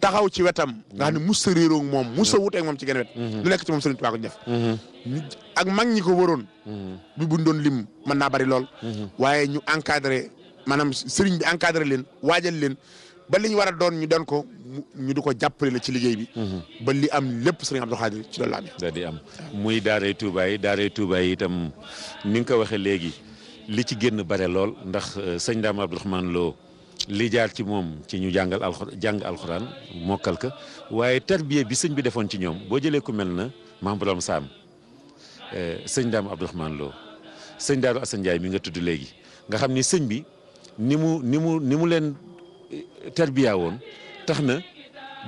taxaw ci wetam. nga xam ne musa réeróog moom wuteeg moom ci genn wet. lu nekk ci moom sëriñ Tuubaa ko def. ak mag ñi ko waroon. bu buñ doon lim mën naa bari lool. waaye ñu encadré maanaam sëriñ bi encadré leen waajal leen. ba li ñu war a doon ñu doon ko ñu di ko jàppale la ci liggéey bi. Mhm. ba li am lépp sëriñ Abdou Khadir ci loolu la amee. da di am muy daaray Touba yi daaray Touba yi itam ni nga ko waxee léegi li ci génn bare lool ndax euh, sëñ Dame Abdourahmane Lo li jaar ci moom ci ñu jàngal alxur jàng alxuraan mokkal ka waaye tarbiya bi sëñ bi defoon ci ñoom boo jëlee ku na maam Borom Saam euh, sëñ Dame Abdourahmane Lo mi nga tudd léegi nga xam ni sëñ bi ni mu ni mu ni mu leen. tarbiya woon tax na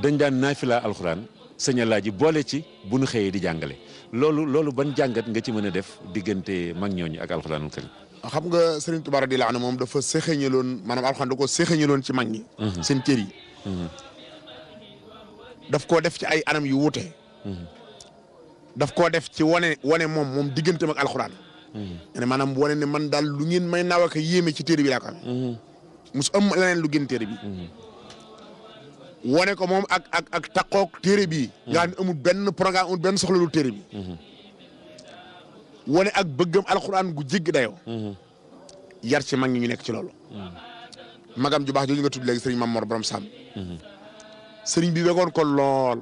dañ daan naafila alxuraan sëñalaa ji boole ci bu nu xëyee di jàngale loolu loolu ban jàngat nga ci mën a def diggante mag ñooñu ak alxuraanul karim xam nga Serigne Touba radiyallahu anhu moom dafa séxañaloon maanaam alxuraan da ko ci mag ñi mhm. seen cër mhm. daf koo def ci ay anam yu wuute mhm. daf koo def ci wane wane moom moom digganteem ak alxuraan ne maanaam wane ne man daal lu ngeen may naw yéeme ci téere bi laa ko mus am leneen lu gën téré bi wane ko mom ak ak ak takkook téré bi nga amul ben programme amul soxla lu téré bi wane ak bëggam al gu jigg dayo yar ci mag ñu nekk ci loolu magam ju bax jooju nga tudd léegi Mamor Borom Sam serigne bi wégon ko lool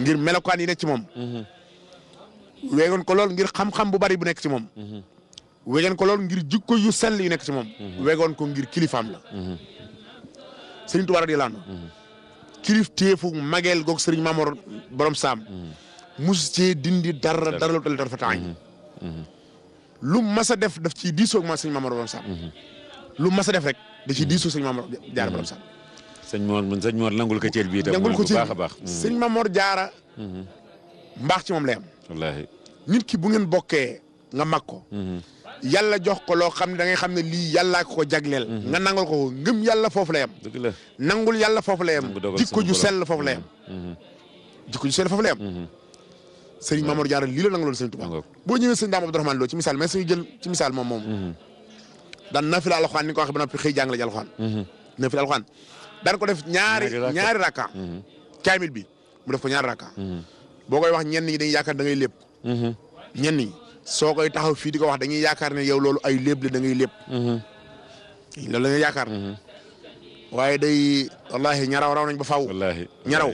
ngir melokan yi nekk ci mom mhm. wégon ko lool ngir xam-xam bu bari bu nekk ci mom wegeen ko lool ngir jikko yu sell yu nekk ci moom. Mhm. wegoon ko ngir kilifaam la. Mhm. Serigne Touba di laanu. Mhm. kilif teefu mageel goog Serigne Mamor borom saam. mus cee dindi dara dara lu toll dara fa tàng. lu mas a def daf ci diisoo ak ma Serigne Mamor borom saam. lu mas a def rek da ciy diisoo Serigne Mamor jaara borom saam. sëñ Mor sëñ Mor ko cër bii itam. nangul ko cër baax a baax. Serigne Mamor jaara. mbaax ci moom lay am. ki bu ngeen bokkee nga mag ko. yàlla jox ko loo xam ne da ngay xam ne lii yàllaa ko ko jagleel. Mhm. nga nangul ko ko ngëm yàlla foofu la yem. nangul yalla foofu la yem. Mhm. Mhm. jikko ju sell foofu la yem. jikko ju sell foofu la yem. sëriñ Mamour Diarra lii la nanguloon sëriñ Tuubaa boo ñëwee sëriñ Daam Abdourahmane Lo ci misaal mais suñu ci misaal moom moom. daan nafila alxuraan ni ko waxee ba noppi xëy jàngale ji alxuraan. nafila alxuraan daan ko def ñaari ñaari rakka. kaamil bi mu def ko ñaari rakka. boo koy wax ñenn ñi dañuy yaakaar da ngay lépp. ñenn soo koy taxaw fii di ko wax dañuy yaakaar ne yow loolu ay lépp la da ngay lépp. Mhm. loolu la ñuy yaakaar. Mhm. waaye day wallaahi ñaraw raw nañ ba faw wallaahi ñaraw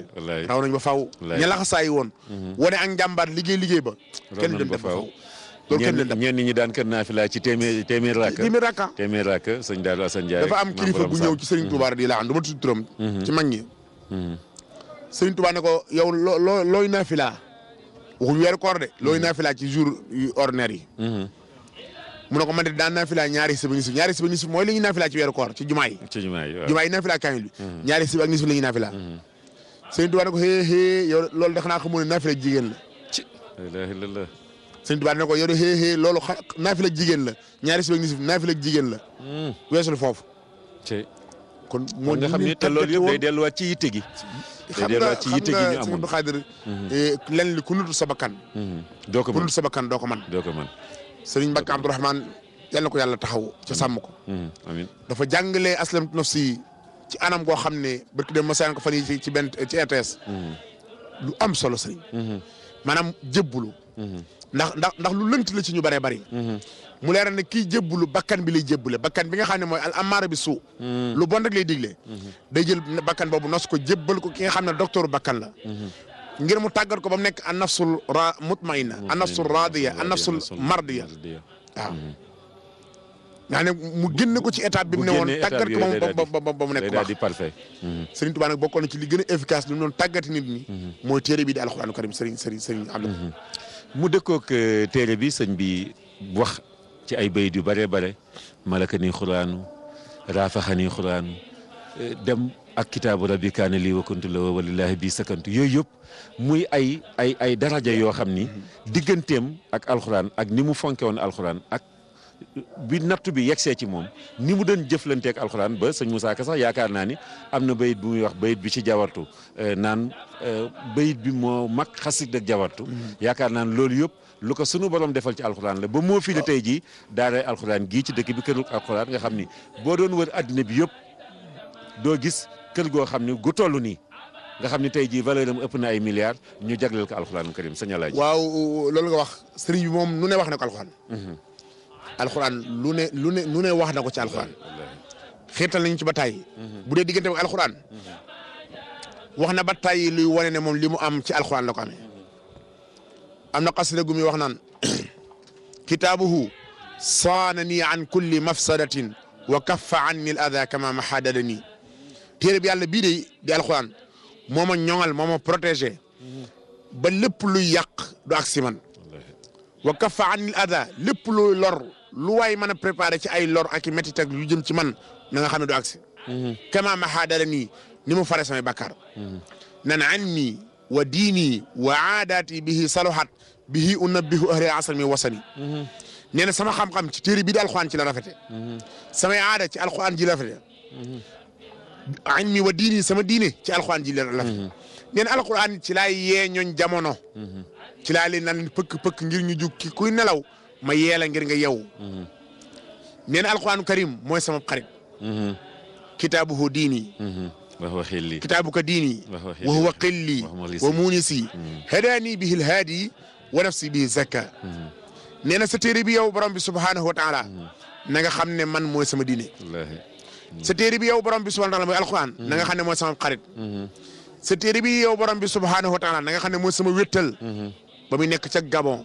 raw nañ ba faw ña laxasaayi woon mhm. wane ak njàmbaar liggéey liggéey ba kenn dem def ba faw loolu kenn dem ñenn ñi daan kër naafila ci téeméer téeméer rakka téeméer rakka téeméer rakka sëñ Daaru Asan Njaay dafa am kilifa bu ñëw ci Sëriñ Tuubaa di laa an du ma tudd turam ci mag ñi Sëriñ Tuubaa ne ko yow loo looy naafila waxul weeru koor de looy mm-hmm. naafila ci jour yu ordinaire yi. Mm-hmm. mu ne ko man de daan naafila ñaari sëb ñaari sëb ak nisf mooy li ñuy naafila ci weeru koor ci jumaa yi. ci jumaa yi waaw jumaa yi mm-hmm. ko hee hee yow loolu defe naa xamoo ne naafila jigéen la. ci alhamdulilah. sëñ ko yow de hee hee loolu xa naafila jigéen la ñaari sëb ak nisf naafila jigéen la. Mm. weesul foofu. kon moo ñu. nga xam ne te loolu yëpp delluwaat ci yitte gi xam nga ci yitte gi ñu mhm. eh, ku nutul sa bakkan. Mhm. doo ko mën ku nutul sa bakkan doo ko mën. doo ko mën Serigne Mbacke Abdourahmane yal na ko yàlla taxaw ci sàmm ko. Mhm. amiin dafa jàngalee aslamtu nafsi ci anam goo xam ne barki dem masaan ko fan yii ci benn ci RTS. lu am solo Serigne. maanaam jébbalu. ndax ndax ndax lu lënt la ci ñu bëree bari. mu leeral ne kii jébbalu bakkan bi lay jébbale bakkan bi nga xam ne mooy al amaara bi su mm. lu bon rek lay diglee mm-hmm. day jël bakkan boobu nos ko jébbal ko ki nga xam ne docteur bakkan la mm-hmm. ngir mu tàggat ko ba mu nekk an nafsul ra a an nafsul radiya an nafsul mardiya waaw mm-hmm. nga ne mu génne ko ci étape mu ne woon tàggat ko ba ba ba mu nekk baax di parfait Serigne Touba nag bokkoon na ci li gën a efficace li mu doon tàggati nit ñi mooy téere bi di alxuraanu karim Serigne Serigne Serigne Abdou mu dëkkook euh, téere bi sëñ bi wax ci ay bayit yu bare bare malaka nii xuraanu raafaxa nii xuraanu dem ak kitaabu rabbi kaane lii wakuntu la walilaahi bii sakantu yooyu yëpp muy ay ay ay daraja yoo xam ni digganteem ak alxuraan ak ni mu fonke woon alxuraan ak bi nattu bi yegsee ci moom ni mu doon jëflanteek alxuraan ba sëñ Moussa Ka sax yaakaar naa ni am na bayit bu muy wax bayit bi ci jawartu eh, naan eh, bayit bi moo mag xasit ak jawartu mm-hmm. yaakaar naa ne loolu yëpp lu ko sunu borom defal ci alxuraan la ba moo fi la tey jii daaray alxuraan gii ci dëkk bi kërug alxuraan nga xam ni boo doon wër addina bi yëpp doo gis kër goo xam ni gu toll nii nga xam ni tey jii valeur am ëpp na ay milliards ñu jagleel ko alxuraan karim sëñ waaw loolu nga wax sëriñ bi moom lu ne wax na ko alxuraan. lu ne lu ne lu ne wax na ko ci alxuraan. xeetal nañu ci ba tàyyi. bu dee diggante alxuraan. wax na ba tàyyi luy wane ne moom li mu am ci alxuraan am na xasida gu muy wax naan kitaabuhu saanani an kulli mafsadatin wa kaffa anni al adha kama mahadadani téere bi yàlla bii de di alxuraan moo ma ñoŋal moo ma protégé ba lépp luy yàq du ak si man wa kaffa anni al adha lépp luy lor lu waay mën a préparé ci ay lor ak i métit ak lu jëm ci man na nga xam ne du ak si kama mahadadani ni mu fare samay bàkkaar nan an nii wa diini wa aadaati bihi saluhat bihi unabbihu ahli asal mi wasani. nee sama xam-xam ci téere bii di alxuraan ci la rafete samay aada ci alxuraan ji la rafete añ mi wa sama diine ci alxuraan ji la rafete nee ci laay yee ñooñ jamono. ci laa li naan pëkk pëkk ngir ñu jug ki kuy nelaw ma yee ngir nga yew nee na alxuraanu karim mooy sama xarit. kitaabuhu diini. وهو خلي كتابك ديني وهو قلي ومونسي هداني به الهادي ونفسي به زكا nee na sa téere bi yow borom bi subhaanahu wa taala na nga xam ne man mooy sama diine sa téere bi yow borom bi subhaanahu wa taala mooy alquran na nga xam ne mooy sama xarit sa téere bi yow borom bi subhaanahu wa taala na nga xam ne mooy sama wéttal ba muy nekk ca Gabon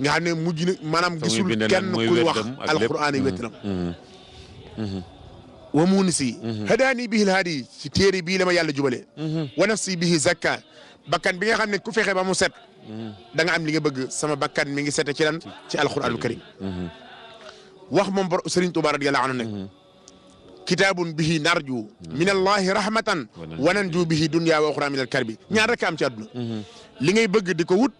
nga xam ne mujj na maanaam gisul kenn kuy wax alquran yi wéttalam wa muunisi hadaani bihil haadi ci téere bii la ma yàlla jubale wa nafsi bihi zakka bakkan bi nga xam ne ku fexe ba mu set da nga am li nga bëgg sama bakkan mi ngi sete ci lan ci alquranul karim wax moom bor Sëriñ Tuubaa radiyallaahu anhu ne kitaabun bihi narju min allahi rahmatan wa nanju bihi dunya wa uxra min alkarbi ñaar rek am ci àdduna li ngay bëgg di ko wut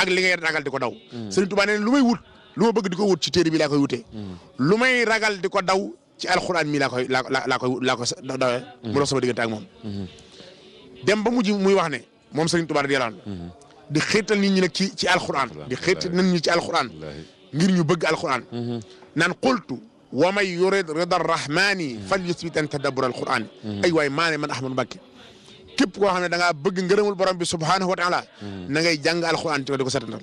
ak li ngay ragal di ko daw Sëriñ Tuubaa nee lu may wut lu ma bëgg di ko wut ci téere bi laa koy wutee lu may ragal di ko daw ci alxuraan mi la koy la koy la koy do mu do sama diggante ak mom dem ba muji muy wax ne mom Serigne Touba radiyallahu anhu di xeetal nit ñi nak ci ci alxuraan. di xeetal nit ñi ci alxuraan. ngir ñu bëgg alxuraan. nan qultu wa may yurid ridar rahmani falyusbit an tadabbur alquran ay way mané man ahmad bakki kep ko xamne da nga bëgg ngërëmul borom bi subhanahu wa taala na ngay jàng alquran di ko setantal.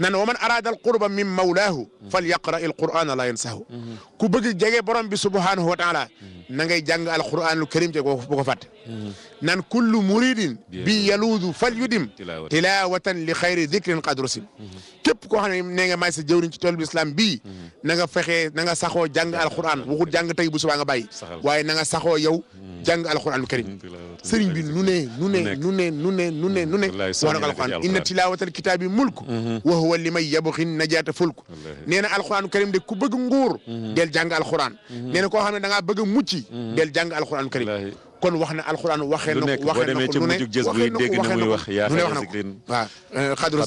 نن ومن أراد القرب من مولاه فليقرأ القرآن لا ينساه كبر جعبران بسبحانه وتعالى نعى جنگ القرآن الكريم جعوف بقفت nan kullu muridin bi yaluudu fal yudim tilawatan li xayri dikrin qad rusim képp koo xam ne nee nga maay sa jëwriñ ci tool bi islam bii na nga fexee na nga saxoo jàng alquran waxul jàng tey bu subaa nga bàyyi waaye na nga saxoo yow jàng alquran karim mm. sëriñ bi nu ne nu ne nu ne nu ne nu mm. ne nu ne wax na ko alquran inna tilawatal kitaabi mulk mm-hmm. wa huwa li may yabxi najaata fulk nee na alquran karim de ku bëgg nguur mm-hmm. del jàng alquran mm-hmm. nee na koo xam ne da ngaa bëgg a mucc del jàng alquran karim kon wax na alquran waxe na ko waxee na ko lu ne waxee na ko waxee na muy wax ya wax na ko waaw xadru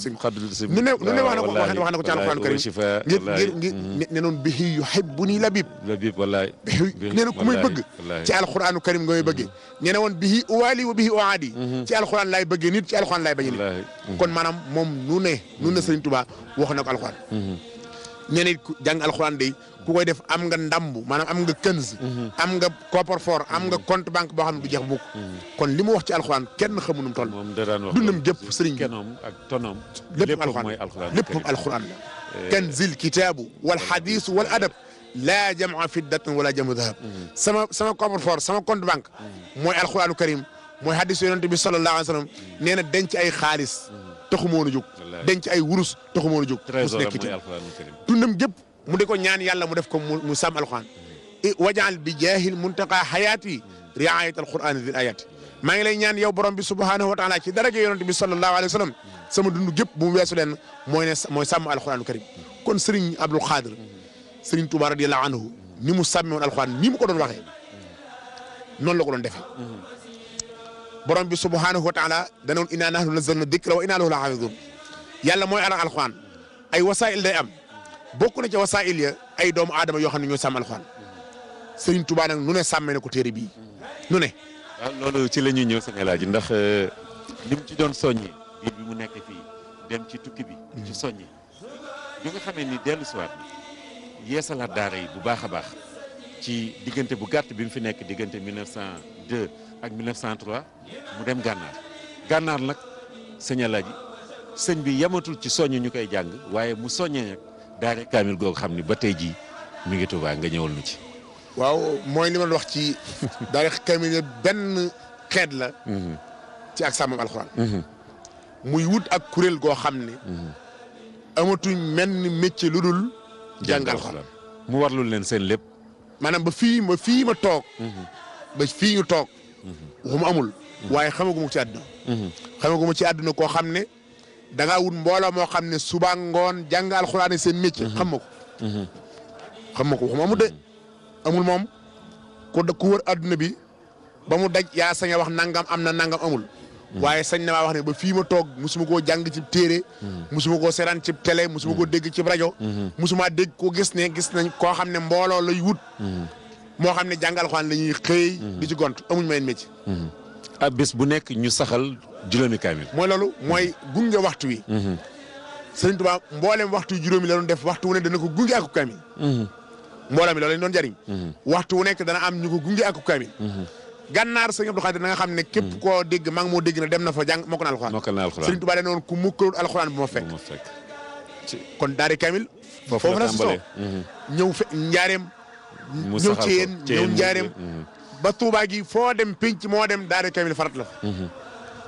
sim lu ne ne wax na ko waxee wax na ko ci alquran karim ngir ngir ne non bihi yuhibbuni labib labib wallahi ne non kumay beug ci alquran karim ngoy beug ne ne won woon bihi uwaali wa bihi uadi ci alquran lay beug nit ci alquran lay bañee nit kon manam mom nu ne nu ne serigne touba wax na ko alquran ne ne jàng alquran day kukoy def am nga ndambu manam am nga kenz mhm. am nga copper for am nga mhm. compte banque bo xam du jeex buk mhm. kon limu wax ci alcorane kenn xamul num toll dundum jep serigne kenom ak tonom lepp moy alcorane lepp alcorane كنز الكتاب والحديث والادب لا جمع فدة ولا جمع ذهب سما سما كوبر فور سما كونت بانك موي القران الكريم موي حديث يونت بي صلى الله عليه وسلم نينا دنج اي خالص تخمونو جوك دنج اي ورس تخمونو جوك تريزور موي القران الكريم دونم جيب mu di ko ñaan yàlla mu def ko mu sam sàmm alquran wajaal bi jahil muntaqa hayati riayat alquran dhil ayat ma ngi lay ñaan yow borom bi subhanahu wa taala ci daraja yonent bi sallallahu alayhi wasallam sama dundu gep bu mu weesu leen ne moy sam alquran karim kon Serigne abdul khadir Serigne Touba radiyallahu anhu ni mu sàmme woon alquran ni mu ko don waxe non la ko don defee borom bi subhanahu wa taala danoon inna nahnu nazzalna dhikra wa inna lahu la yàlla moy alal alquran ay wasail day am bokk na ca wasaa'il ya ay doomu aadama yoo xam ne ñoo sàmm alxuraan sëriñ Tuubaa nag nu ne sàmmee na ko téere bii nu ne. waaw ah, loolu ci la ñuy ñëw sëñ Alaaji ndax euh, ni mu ci doon soññi biir bi mu nekk fii dem ci tukki bi. ci soññi bi nga xamee ni dellu si waat yeesalaat daara yi bu baax a baax ci diggante bu gàtt bi mu fi nekk diggante 1902 ak 1903 mu dem gànnaar gànnaar nag sëñ Alaaji sëñ bi yamatul ci soñ ñu koy jàng waaye mu soñee nag. daare kaamil googu xam ni ba tey jii mi ngi Tuubaa nga ñëwal nu ci. waaw mooy li wax ci daare kaamil benn xeet la. Mhm. ci ak sàmmam alxuraan. Mhm. muy wut ak kuréel goo xam ne. Mhm. amatuñ menn métier lu dul. jàng alxuraan mu warlul leen seen lépp. maanaam ba fii ma fii ma toog. ba fii ñu toog. waxuma amul. waaye xamaguma ci àdduna. xamaguma ci àdduna koo xam ne. danga ngaa wut mbooloo moo xam ne suba ngoon jàng alxuraan seen métier. Mhm. xam ma ko. Mhm. xam ma ko waxuma amul de mhm. amul moom ku da ku wër adduna bi ba mu daj yaa sañ a wax nangam am na nangam amul. waaye sañ na ma wax ne ba fii ma toog musuma koo jàng ci téere. musuma koo seraan ci télé musuma koo dégg ci rajo. musuma dégg ko gis ne gis nañ koo xam ne mbooloo lay wut. moo xam ne jàngal alxuraan la ñuy xëy. di ci gont amuñ ma métier. ah bés bu nekk ñu saxal juróomi kaamil. mooy loolu mooy gunge waxtu wi. Mhm. sëriñ Tuubaa mboolem waxtu juróomi la doon def waxtu wu ne dana ko gunge ak kaamil. Mhm. mboolem mi loolu lañ jariñ. Mhm. waxtu wu nekk dana am ñu ko gunge ak kaamil. gannaar sëñ Abdou Khadir xam ne képp koo dégg maa moo dégg ne dem na fa jàng moo na alxuraan mokk na alxuraan sëriñ Tuubaa dana woon ku mukkalul alxuraan bu ma fekk. kon daari kaamil. foofu na tàmbalee ñëw fe njaareem. mu ñëw ci yéen ñëw njaareem. ba Touba gi foo dem penc moo dem daari kaamil farat la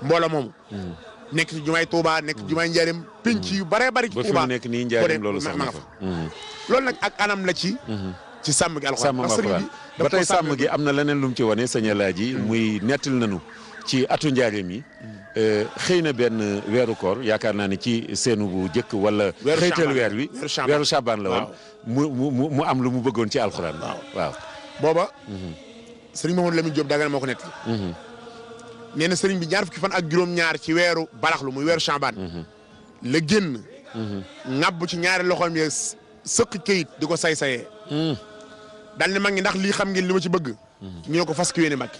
mboola moom nekk ci jumaay Touba nekk ci jumaay Njaareem. penc yu bare bari ci Touba ba fi mu nekk nii Njaareem loolu sax ma fa loolu nag ak anam la ci. ci sàmm gi tey sàmm gi am na leneen lu mu ci wane sëñ Alaaji mm. muy nettal nañu ci atu njaareem yi mm. euh, xëy na benn weeru koor yaakaar naa ne ci seenu bu jëkk wala xëytal weer wi weeru Shaban la woon mu mu mu am lu mu bëggoon ci alxuraan waaw booba mm-hmm. sëriñ Mamadou Lamine Diop daga na moo ko nettali mm-hmm. nee na sëriñ bi ñaar fukki fan ak juróom-ñaar ci weeru baraxlu muy weeru Shambaan. Mhm. la génn. Mhm. ŋàbb ci ñaari loxoom ya sëq kayit di ko say saye mhm. daal ne mag ñi ndax lii xam ngeen li ma ci bëgg. ñu ne ko fas yéene mbàkki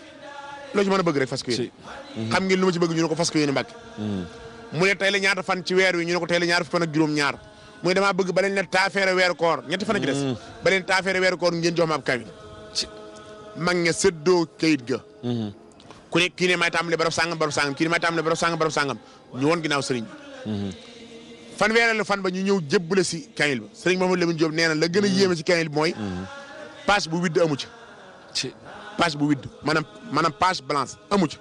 loo ci mën a bëgg fas xam ngeen li ci bëgg ñu ko fas yéene mbàkki. mu ne tey la ñaata fan ci weer wi ñu ne ko tey ñaar fukki fan ak juróom-ñaar. mu ne damaa bëgg ba leen ne taafeere weeru koor ñetti fan a ci des. ba leen taafeere weeru koor ngeen jox ma ab kawin. mag ña seddoo kayit ga. ku ne kii ne may tàmbali barab sàngam barab sàngam kii ne may tàmbali barab sàngam barab sàngam ñu woon ginnaaw sëriñ mhm. fanweereelu fan ba ñu ñëw jébbale si kaamil ba sëriñ Mamadou Lamine Diop nee na la gën a mhm. yéeme si kaamil mooy mhm. passe bu widd a ci passe bu widd maanaam maanaam passe blanche amu ci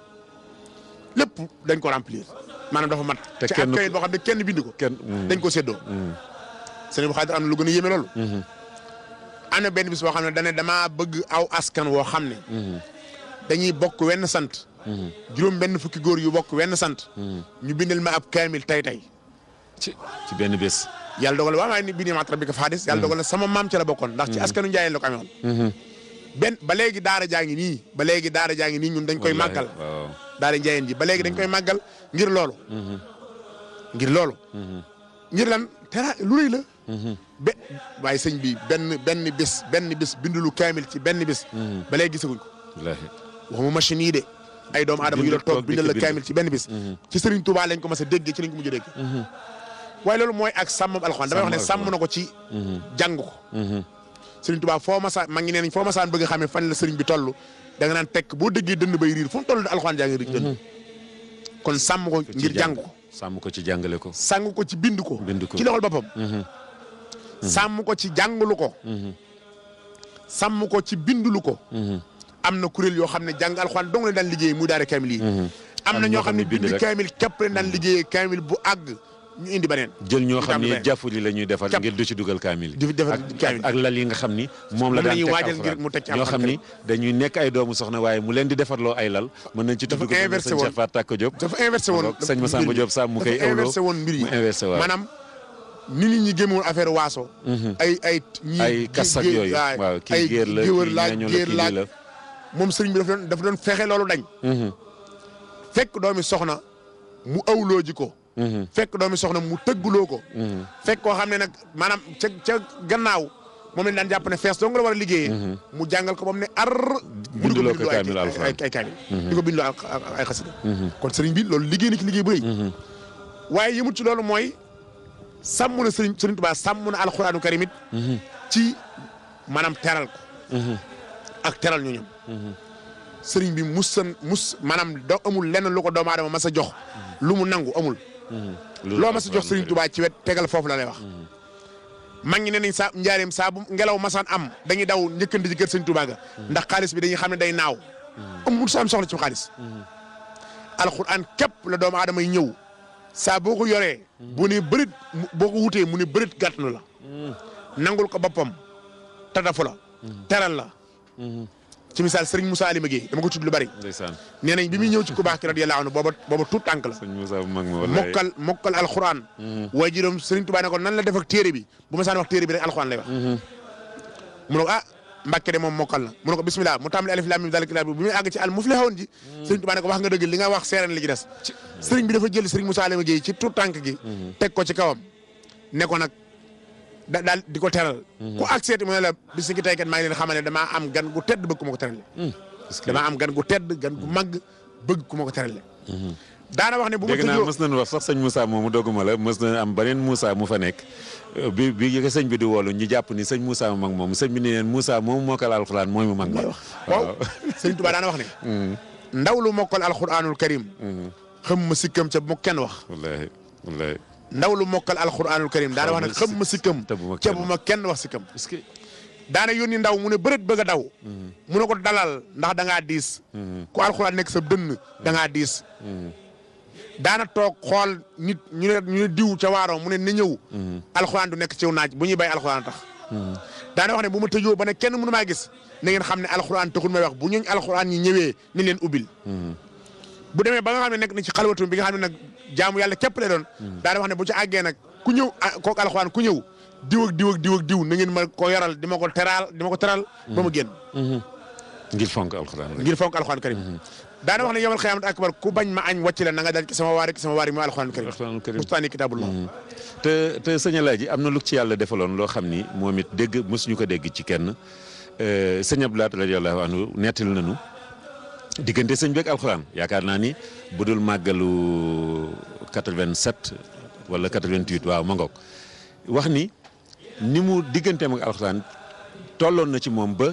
lépp dañ ko remplir maanaam dafa mat te kenn ci boo xam ne kenn bind ko dañ ko séddoo sëriñ bu xaadir am na lu gën a loolu am na benn bis boo xam ne dane damaa bëgg aw askan woo xam ne dañuy bokk wenn sant. Mhm. juróom benn fukki góor yu bokk wenn sant. Mhm. ñu bindal ma ab kaamil tay tay ci ci benn bés. yàlla dogal waaw maa ngi nii bii nii maa bi ko faadis yàlla mhm. dogal sama maam ca la bokkoon. ndax ci askanu njaayeen la ko amee woon. benn ba léegi daara jaa ngi nii ba léegi daara jaa ngi nii ñun dañ koy màggal. daara njaayeen ji ba léegi dañ koy màggal ngir loolu. ngir loolu. ngir lan tera lu rëy la. be waaye sëñ bi benn benn bés benn bés bindulu kaamil ci benn bés. ba léegi gisaguñ ko. waxuma machine yi de ay doom aadama yu la toog bindal la kaamil ci benn bis mhm. ci Serigne Touba lañ ko mas a déggee ci lañ ko mujj a dégg mhm. waaye loolu mooy ak sàmmam alxuraan damay wax ne sàmm na ko ci mhm. jàng ko Serigne Touba foo masaan maa ngi nee nañ foo masaan bëgg xamee fan la Serigne bi toll da nga boo déggee dënd bay riir fu mu toll da alxuraan kon sàmm ko ngir ko sàmm ko ci jàngale ko sàng ko ci bind ko bind ko ci loxol boppam sàmm ko ci jàngalu ko sàmm ko ci bindulu ko am na kuréel yoo xam ne jàng alxuraan dong la daan liggéey muy daara kaamil yi mhm. am na ñoo xam ne bind kaamil képp la daan mhm. liggéeyee kaamil bu àgg ñu indi beneen jël ñoo xam ne jafuri la ñuy defal ngir du ci dugal kaamil yi ak lal yi nga xam ni moom la daan waajal ngir mu teg xam ni dañuy nekk ay doomu soxna waaye mu leen di defarloo ay lal mën nañ ci tudd sëñ Cheikh Fatou Tacko Diop dafa inversé woon sëñ Massamba Diop Sam mu koy inversé woon mbir yi mu inversé waaw maanaam ni nit ñi gémme woon affaire waaso mhm. ay ay ñi ay kasak yooyu waaw kii géer la kii ñaño la kii moom sëriñ bi dafa doon dafa doon fexe loolu dañ. Mhm. fekk doomi soxna mu awloo ko. Mhm. fekk doomi soxna mu tëgguloo ko. Mhm. fekk koo xam ne nag maanaam ca ca gannaaw moom lañ daan jàpp ne fees dong la war a liggéeyee. mu jàngal ko ba ne ar. binduloo ko kaamil ay ay kaamil. di ko binduloo ay kon sëriñ bi loolu liggéey na ci liggéey bu rëy. waaye yëmut ci loolu mooy sàmm sëriñ sëriñ Tuubaa sàmm na alxuraanu karim it. ci maanaam teral ko. ak teral ñu ñoom. sëriñ bi mus san mus maanaam da amul lenn lu ko doomu aadama mas a jox lu mu nangu amul loo mas a jox sëriñ Tuubaa ci wet tegal foofu la lay wax mag ñi ne nañ saa njaareem saa bu ngelaw masaan am dañuy daw njëkkante ci kër sëriñ Tuubaa ga ndax xaalis bi dañuy xam ne day naaw amul sa am soxla ci xaalis alxuraan képp la doomu aadama yi ñëw saa boo ko yoree bu ne bërit boo ko wutee mu ne bërit gàttanu la nangul ko boppam tadafu la teral la ci misaal Serigne Moussa Alima Gueye dama ko tudd lu bari. ndeysaan nee nañ bi muy ñëw ci ku baax ki radiyallahu anhu booba booba tuut tànk la. Serigne Moussa bu mag ma walaay mokkal mokkal mhm. ne ko nan la def ak téere bi bu ma saan wax téere bi rek alxuraan lay wax. Mhm. mu ne ko ah de moom mokkal na mu ne ko bismillah mu tàmbali alif laam mim zaalika kitaab bi muy àgg ci al muflihoon ji. Mhm. Serigne Touba ne ko wax nga dëgg li nga wax seereen li ci des. Serigne bi dafa jël Serigne Moussa Alima Gueye ci tuut tànk gi. teg ko ci da daal di ko teral ku accès mu ne la bis ngi tey kat maa ngi leen xamal ne damaa am gan gu tedd bëgg ku ma ko terale hmm. damaa am gan gu tedd gan gu màgg bëgg ku ko terale hmm. daana wax ne bu ma tëjoo dégg naa mës nañu wax sax sëñ Moussa moomu dogguma la mës nañu am neen Moussa mu fa nekk euh, bi bi ko sëñ bi di woolu ñu jàpp ni sëñ Moussa mu mag moom sëñ bi ni leen Moussa moomu mokkal alxuraan mooy mu mag ma waaw sëñ Tuubaa daana wax ne hmm. ndaw lu mokkal alxuraanul karim xam ma sikkam ca mu kenn wax ndaw lu mokkal alxuraanul karim daana wax ne xam ma sikkam ca bu ma kenn wax sikkam daana yónni ndaw mu ne bërët bëgg daw mhm. mu ne ko dalal ndax da diis mhm. ku alxuraan nekk sa dënn da diis mhm. daana toog xool nit ñu ne ñu diw ca waaroom mu ne na ñëw alxuraan du nekk ciw naaj bu ñuy bay alxuraan tax daana wax ne bu ma tëjoo ba ne kenn mënu maa gis na ngeen xam ne alxuraan taxul may wax bu ñooñ alxuraan ñi ñëwee ni leen ubil bu demee ba nga xam ne nekk na ci nag jaamu yàlla képp lay doon daa wax ne bu ci àggee nag ku ñëw ah, kooku alxuraan ku ñëw diw ak diw ak diw na ngeen ma ko yoral di ma ko teraal di ma ko teral ba mu génn mhm. ngir fonk alxuraan ngir fonk alxuraan karim mhm. daana wax ne yomal xiyaamat akbar ku bañ ma añ wàcc la na nga dal sama waari sama waari mu alxuraan karim bustaani kitaabullah mhm. te te sëñ Alaaji am na lu ci yàlla defaloon loo xam ni moom it dégg mësuñu ko dégg ci kenn euh, sëñ Abdou Lahat radiyallahu anhu na nañu diggante sëñ bi ak alxuraan yaakaar naa ni bu dul màggalu 87 wala 88 waaw ma ngoog wax ni ni mu digganteem ak alxuraan tolloon na ci moom ba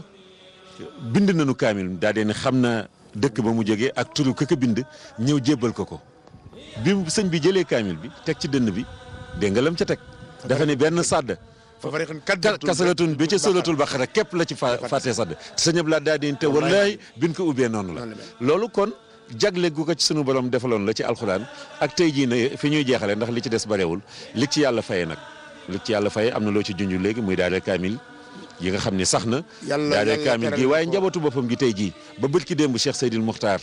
bind nañu kaamil daa dee xam na dëkk ba mu jógee ak turu këkk bind ñëw jébbal ko ko bi sëñ bi jëlee kaamil bi teg ci dënn bi dégg nga lam ca teg dafa ne benn sàdd kasalatun bi ci suratul baqara képp la ci fatiha sadd sëñ Abdu Lahad daa din te wallahi biñ ko ubbee noonu la loolu kon jagle gu ko ci sunu borom defaloon la ci alxuraan ak tey jii ne fi ñuy jeexale ndax li ci des barewul li ci yàlla faye nag li ci yàlla faye am na loo ci junj léegi muy daal kaamil yi nga xam ne sax na daal kaamil gi waaye njabootu boppam gi tey jii ba bët ki démb Cheikh Seydil Muxtaar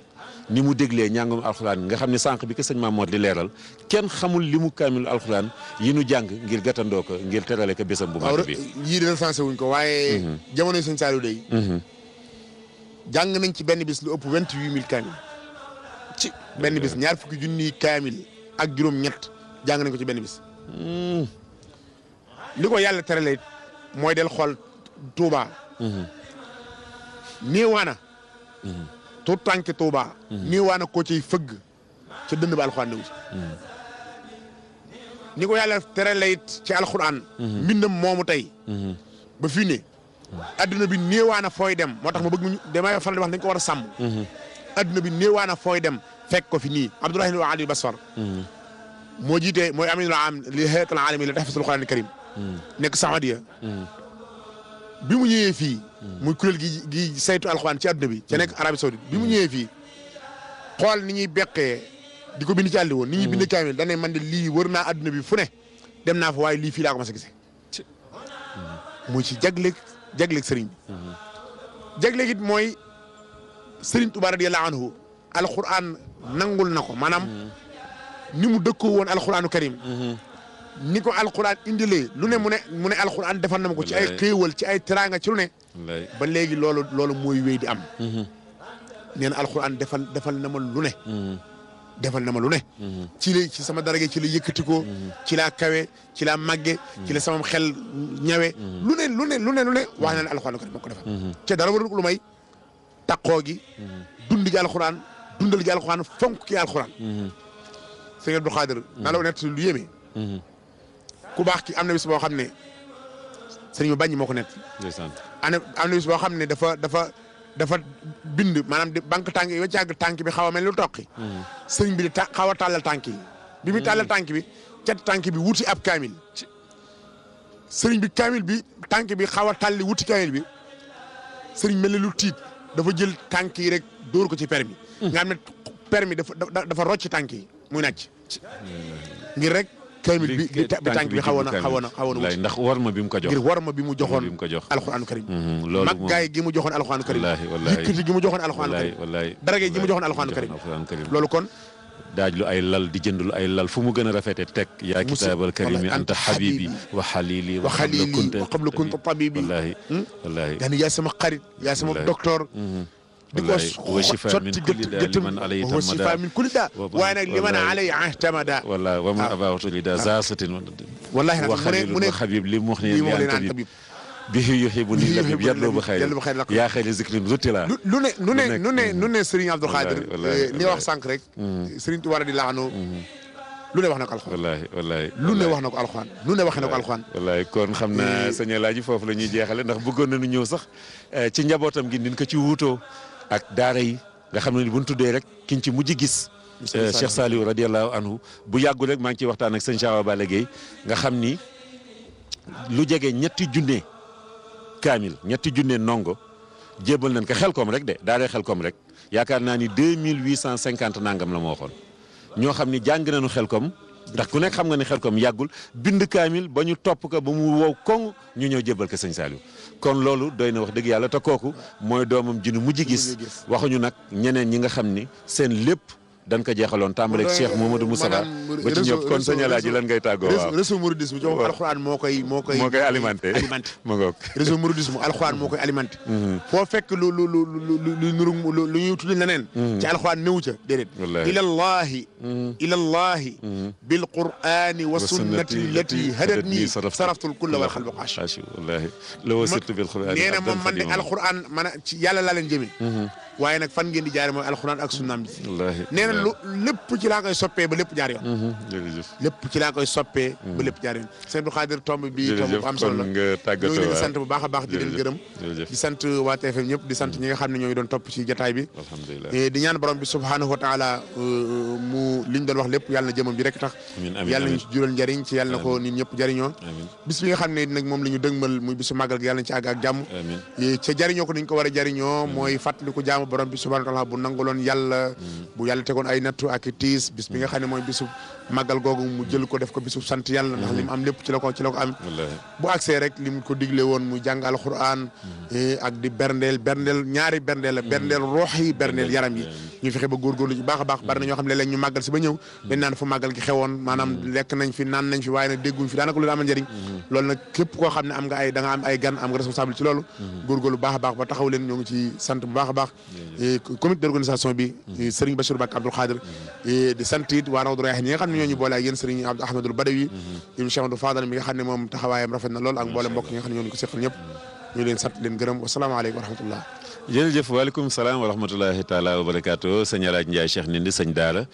ni mu déglee njàngum alxuraan nga xam ni sànq bi ko sëñ Maam Mor di leeral kenn xamul li mu kaamilu alxuraan yi nu jàng ngir gàttandoo ko ngir terale ko bésam bu mag bi yii dina sensé wuñ ko waaye mhm. jamono yi sëñ Saliou day mhm. jàng nañ ci benn bis lu ëpp vingt huit mille kaamil ci benn bis ñaar fukki junniy kaamil ak juróom ñett jàng nañ ko ci benn bis mhm. li ko yàlla terale mooy del xool Touba néewaana tout tànki Touba. Mhm. nii waa na koo ciy fëgg ca dënd ba alxuraan néew mhm. ni ko yàlla tere la it ci alxuraan. Mhm. mbindam moomu tey. ba fii ne. adduna bi néewaana fooy dem moo tax ma bëgg mu damay faral di wax dañ ko war a sàmm. adduna bi néewaana fooy dem fekk ko fi nii Abdourahim wa Ali Basfar. moo jiite mooy aminul am li hayatul alami la tahfisul Qur'an al karim. nekk Saoudia. bi mu ñëwee fii. mu kuréel gi gi saytu alxuraan ci àdduna bi. ca nekk mm. Arabie Saoudite bi mu ñëwee fii xool ni ñuy beqee di ko bind ci àll woon. ni ñuy mm. bind kaamil dañ man de lii wër naa àdduna bi fu ne dem naa fa waaye lii fi laa ko mas mm. mu ci jagleeg jagleeg sëriñ bi. Mm-hmm. mooy sëriñ Tuubaa radiyallaahu anhu alxuraan nangul na ko maanaam. ni mu dëkkoo woon alxuraanu karim. Mm-hmm. ni ko alquran indilee lu ne mu ne mu ne alquran defal na ma ko ci ay xéewal ci ay teraanga ci lu ne ba léegi loolu loolu mooy wéy di am mm-hmm. nee na alquran defal defal na ma lu ne mm-hmm. na ma lu ne mm-hmm. ci la ci sama darage ci la yëkkatikoo ci laa kawe ci laa màgge ci la sama xel ñawe lu ne lu ne lu ne lu ne wax na ne alquran ko def ko defal te dara warul lu may taqoo gi dund ji alquran dundal ji alquran fonk ki alquran sëñ Abdou Khadir naa la nett lu yéeme ku baax ki am na bis boo xam ne sëriñ bi bañ moo ko nekk. ana am na bis boo xam ne dafa dafa dafa bind maanaam di banque tànk yi ba càgg bi xaw a mel lu toqi mhm. sëriñ bi di ta xaw a tàllal tànk yi. bi muy tàllal mhm. tànk bi cat tànk bi wuti ab kaamil. sëriñ bi kaamil bi tànk bi xaw a tàlli wuti kaamil bi sëriñ mel ni lu tiit dafa jël tànk yi rek dóor ko ci permis mhm. nga xam ne permis dafa rocc tànk yi muy nàcc. ngir rek. kaamil bi bi tànk bi xawoon na xawoon na xawoon na ndax warma bi mu ko jox ngir warma bi mu joxoon alxuraanu karim loolu mag gaay gi mu joxoon alxuraanu karim yëkkati gi mu joxoon alxuraanu karim darage gi mu joxoon alxuraanu karim loolu kon daaj lu ay lal di jënd lu ay lal fu mu gën a rafete teg yaa kitaabal karimi anta xabibi wa xalili wa xalili wa xabla kunta tabibi wallaahi wallaahi yaa sama xarit yaa sama docteur هو شفاء من كل داء وانا لمن علي اعتمد والله ومن آه. اباغت لداء آه. زاسه والله وخليل وحبيب لي مخني طبيب به يحبني لبيب يدلو بخير يا خير ذكر زتلا نوني نوني نوني سيرين عبد القادر إيه، لي واخ سانك رك سيرين توارا دي لانو لوني واخنا القران والله والله لوني واخنا القران لوني واخنا القران والله كون خمنا سيني لاجي فوف لا ني جيخال نخ بوغون نيو صاح تي نجابوتام غي نين كا تي ووتو ak daara yi nga xam na ni bu ñu tuddee rek kiñ ci mujj gis. Euh, Cheikh Saliou radiallahu anhu bu yàggu rek maa ngi ciy waxtaan ak sëñ Jawa Balla Gueye nga xam ni lu jege ñetti junne kaamil ñetti junne ndongo jébbal nañ ko Xelkom rek de daara koom rek yaakaar naa ni 2850 nangam la moo waxoon ñoo xam ni jàng nañu koom ndax ku nekk xam nga ne Xelkom yàggul bind kaamil ba ñu topp ko ba mu wow koŋ ñu ñëw jébbal ko sëñ Saliou kon loolu doy na wax dëgg yàlla te kooku mooy doomam ji nu mujj gis waxuñu nag ñeneen ñi nga xam ni seen lépp dañ ko jeexaloon tàmbale ak Cheikh Mamadou Moustapha ba ci ñëpp kon sëñ Alaaji lan ngay tàggoo waaw réseau mouridisme jox alxuraan moo koy moo koy moo koy alimenté alimenté ma ngoog mhm. foo fekk lu lu lu lu nuru lu ñuy tudd leneen mhm. ci alxuraan néew ca déedéet ilallahi ilallahi mhm. bil qur'ani wa sunnati allati hadatni saraftul kulla wal xalbu qash wallahi law sirtu bil qur'ani nee na moom man de alxuraan man waaye nag fan ngeen di jaare mooy alxuraan ak sunnaam bi nee na lu lépp ci laa koy soppee ba lépp jaar yoon mhm. lépp ci laa koy soppe ba lépp jaar yoon sëñ Abdou Khadir bi tomb bu am solo bu baax a baax di leen gërëm di sant ñëpp di sant ñi nga xam ne ñooy doon topp ci jotaay bi eh, di ñaan borom bi subhaanahu wa taala eh, mu liñ doon wax lépp yàlla na jëmam ji rek tax yàlla nañu ci jural njëriñ ci yàlla na ko nit ñëpp jëriñoo bis bi nga xam moom la ñu dëgmal muy bisu màggal yàlla ci àgg ak jàmm eh, ca jëriñoo ko war a jëriñoo mooy borom bi subhanahu wa taala bu nangaloon yalla mm. bu yàlla tegoon ay nattu ak tiis bis bi nga xam ne mooy bisu màggal googu mu jël ko def ko bisu sant yàlla ndax li mu am lépp ci la ko ci la ko am bu agsee rek li mu ko digle woon mu jàng alxuraan eh, ak di berndeel berndeel ñaari berndeel la berndeel roox yi yaram yi ñu fexe ba góorgóorlu ci baax a baax bari na ñoo xam ne léeg-léeg ñu màggal si ba ñëw gi xewoon maanaam mm. lekk nañ fi naan nañ fi waaye nag dégguñ fi daanaka lu la mm-hmm. ne am nga ay da nga am ay gan am nga responsable ci loolu mm-hmm. góorgóorlu baax a baax ba taxaw leen ñoo ngi ci sant bu baax a baax eh, comité d'organisation bi mm-hmm. eh, Serigne Bassirou Bakk Abdoul Khadir di sant it waa Rawdu Rayaahiin ñoo bolé ak yéen sëriñ Abdou Ahmadul Badawi ñu Cheikh Amadou Fadal mi nga xamné mom taxawayam rafet na lool ak mbolé mbokk yi nga xamné ne ñoo ko seqal ñep ñu leen sat leen gërëm alaykum wa rahmatullah jërëjëf waaleykum salaam wa rahmatulahi taala wa barakaatu sëñ alaaj Ndiaye Cheikh Ndindi sëñ Daara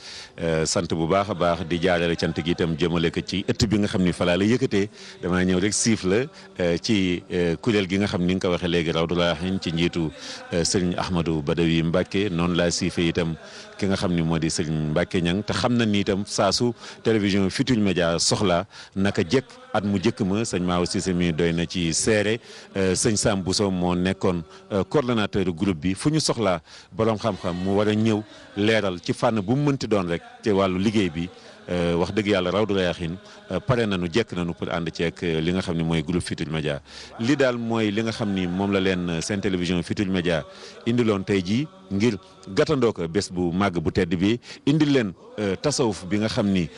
euh, sant bu baax a baax di jaarale cant gi itam jëmale ko ci ëtt bi nga xam ni falaa la yëkkatee damaa ñëw rek siif la euh, ci euh, kuréel gi nga xam ni nga ko waxee léegi Rawdu Rayaahiin ci njiitu sëñ Ahmadou Badawi Mbacke noonu laa siifee itam ki nga xam ni moo di sëñ Mbacke ñang te xam na ni itam saa su télévision Futurs Médias soxla naka jëkk at mu jëkk ma sëñ Maaw Cissé mi doy na ci seere sëñ Sam Bousso moo nekkoon coordonnateur coordonnateur groupe bi fu ñu soxlaa borom xam-xam mu war a ñëw leeral ci fànn bu mu mënti doon rek ci wàllu liggéey bi Euh, wax dëgg yàlla raw du yaaxin euh, pare nañu jekk nañu pour ànd ceeg euh, li nga xam ne mooy groupe Futurs Médias li daal mooy li nga xam ni moom la leen seen télévision Futurs Médias indiloon tey jii ngir gàttandoo ko bés bu màgg bu tedd bi indil leen tasawuf bi nga xam ni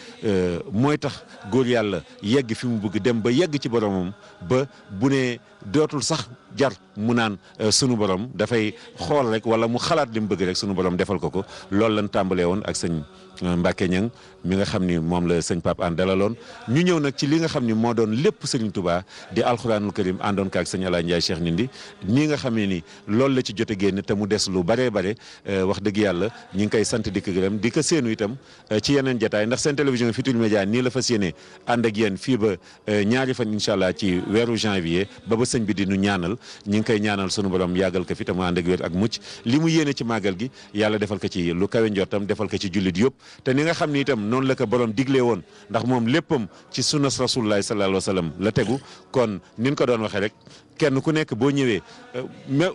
mooy tax góor yàlla yegg fi mu bëgg dem ba yegg ci boromam ba bu ne dootul sax jar mu naan sunu borom dafay xool rek wala mu xalaat li mu bëgg rek sunu borom defal ko ko loolu lañ tàmbalee woon ak sëñ Mbacke Ñang mi nga xam ni moom la sëñ Pape Hann dalaloon ñu ñëw nag ci li nga xam ni moo doon lépp sëñ tubaa di alxuraanul karim àndoon kaak sëñ Alaay Ndiaye Cheikh Nindi nii nga xam ne ni loolu la ci jote génn te mu des lu baree bare euh, wax dëgg yàlla ñi ngi koy sant di gërëm di ko séenu itam euh, ci yeneen jataay ndax seen télévision Futurs Médias nii la fa yéene ànd ak yéen fii ba euh, ñaari fan incha allah ci weeru janvier ba ba sëñ bi di nu ñaanal ñi ngi koy ñaanal sunu borom yàggal ko fi te mu ak mucc li mu yéene ci màggal gi yàlla defal ko ci lu kawe njortam defal ko ci jullit yëpp te ni nga xam ni itam noonu la ko borom digle woon ndax moom léppam ci sunna rasulullahi sallallahu alayhi wa sallam la tegu kon ni ko doon waxee rek kenn ku nekk boo ñëwee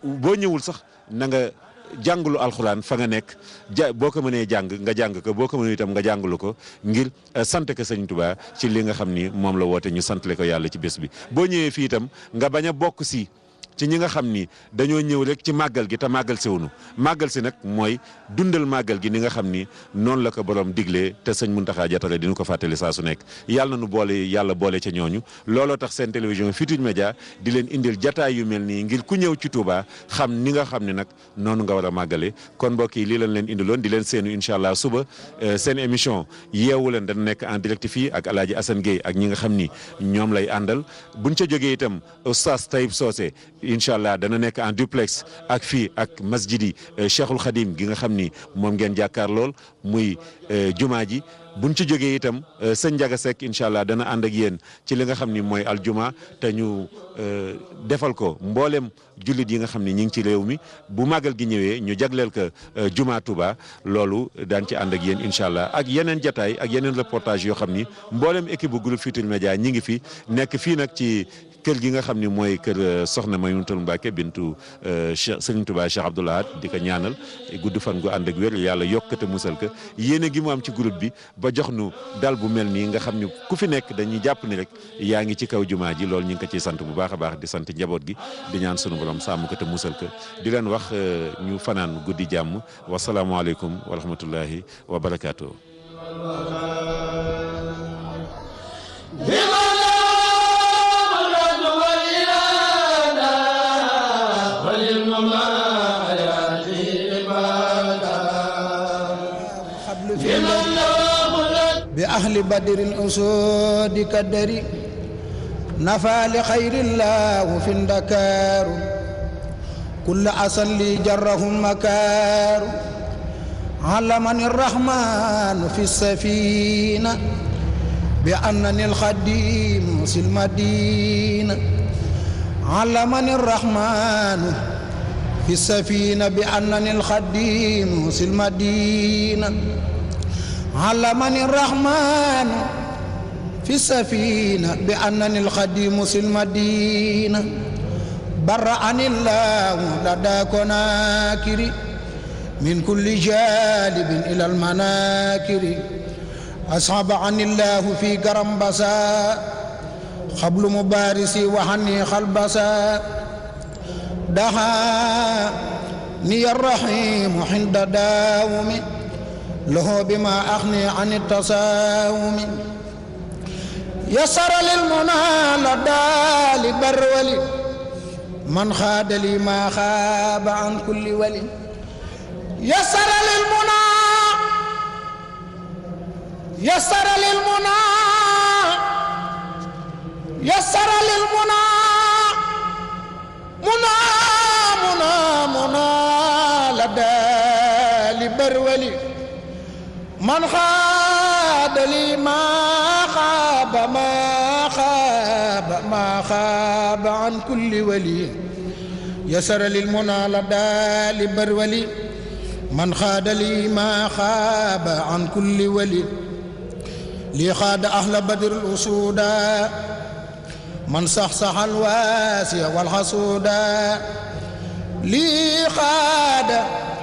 boo ñëwul sax na nga jàngalu alxuraan fa nga nekk ja boo ko mënee jàng nga jàng ko boo ko mënee itam nga jàngalu ko ngir eh, sant ko sëñ Tuubaa ci li nga xam ni moom la woote ñu santale ko yàlla ci bés bi boo ñëwee fii itam nga bañ a bokk si. ci ñi nga xam ni dañoo ñëw rek ci màggal gi te màggal siwunu màggal si nag mooy dundal màggal gi ni nga xam ni noonu la ko borom diglee te sëñ Muntaxa Jatara dina ko fàttali saa su nekk yàlla nu boole yàlla boole ca ñooñu looloo tax seen télévision Futurs Médias di leen indil jataay yu mel nii ngir ku ñëw ci Touba xam ni nga xam ne nag noonu nga war a màggale kon mbokk yi lii lañ leen indiloon di leen seenu incha allah suba euh, seen émission yeewu leen dana nekk en direct fii ak Alaaji Assane Gueye ak ñi nga xam ni ñoom lay àndal buñ ca jógee itam Oustaz Taïb Socé incha allah dana nekk en duplex ak fii ak masjidi eh, cheikhul xadim gi nga xam ni moom ngeen jàkkaar lool muy eh, jumaa ji buñ ci jógee itam eh, sëñ Ndiaga Seck incha allah dana ànd ak yéen ci li nga xam ni mooy al jumaa te ñu defal ko mboolem jullit yi nga xam ni ñu ngi ci réew mi bu màggal gi ñëwee ñu jagleel ko juma Touba loolu daan ci ànd ak yéen incha allah ak yeneen jataay ak yeneen reportage yoo xam ni mboolem équipe bu groupe Futurs Médias ñi ngi fi nekk fii nag ci. kër gi nga xam ni mooy kër euh, soxna Maymuntul Mbàkke bintu euh, Sëriñ Tuubaa Cheikh Abdoul Ahad di ko ñaanal gudd fan gu ànd ak wér yàlla yokk te musal ko yéene gi mu am ci groupe bi ba jox nu dal bu mel nii nga xam ni ku fi nekk dañuy jàpp ni rek yaa ngi ci kaw jumaa ji loolu ñu ngi ko ciy sant bu baax a baax di sant njaboot gi di ñaan sunu borom sàmm ko te musal ko di leen wax euh, ñu fanaan guddi jàmm wasalaamaaleykum wa rahmatullahi wa barakaatu. أهل بدر الأسود كدري نفى لخير الله في الدكار كل أصل جرهم مكار علمني الرحمن في السفينة بأنني الخديم في المدينة علمني الرحمن في السفينة بأنني الخديم في المدينة علمني الرحمن في السفينة بأنني القديم في المدينة برأني الله لدى كناكري من كل جالب إلى المناكر أصعب عن الله في كرم بسا قبل مبارسي وحني خلبسا ني الرحيم عند داومي له بما أغني عن التساوم يسر للمنى لدى لبر ولي من خاد لي ما خاب عن كل ولي يسر للمنى يسر للمنى يسر للمنى منى منى منى لدى لبر ولي من خاب لي ما خاب ما خاب ما خاب عن كل ولي يسر للمنى لدال برولي من خاد لي ما خاب عن كل ولي لي خاد أهل بدر الأسودا من صحصح الواسع والحسودا لي خاد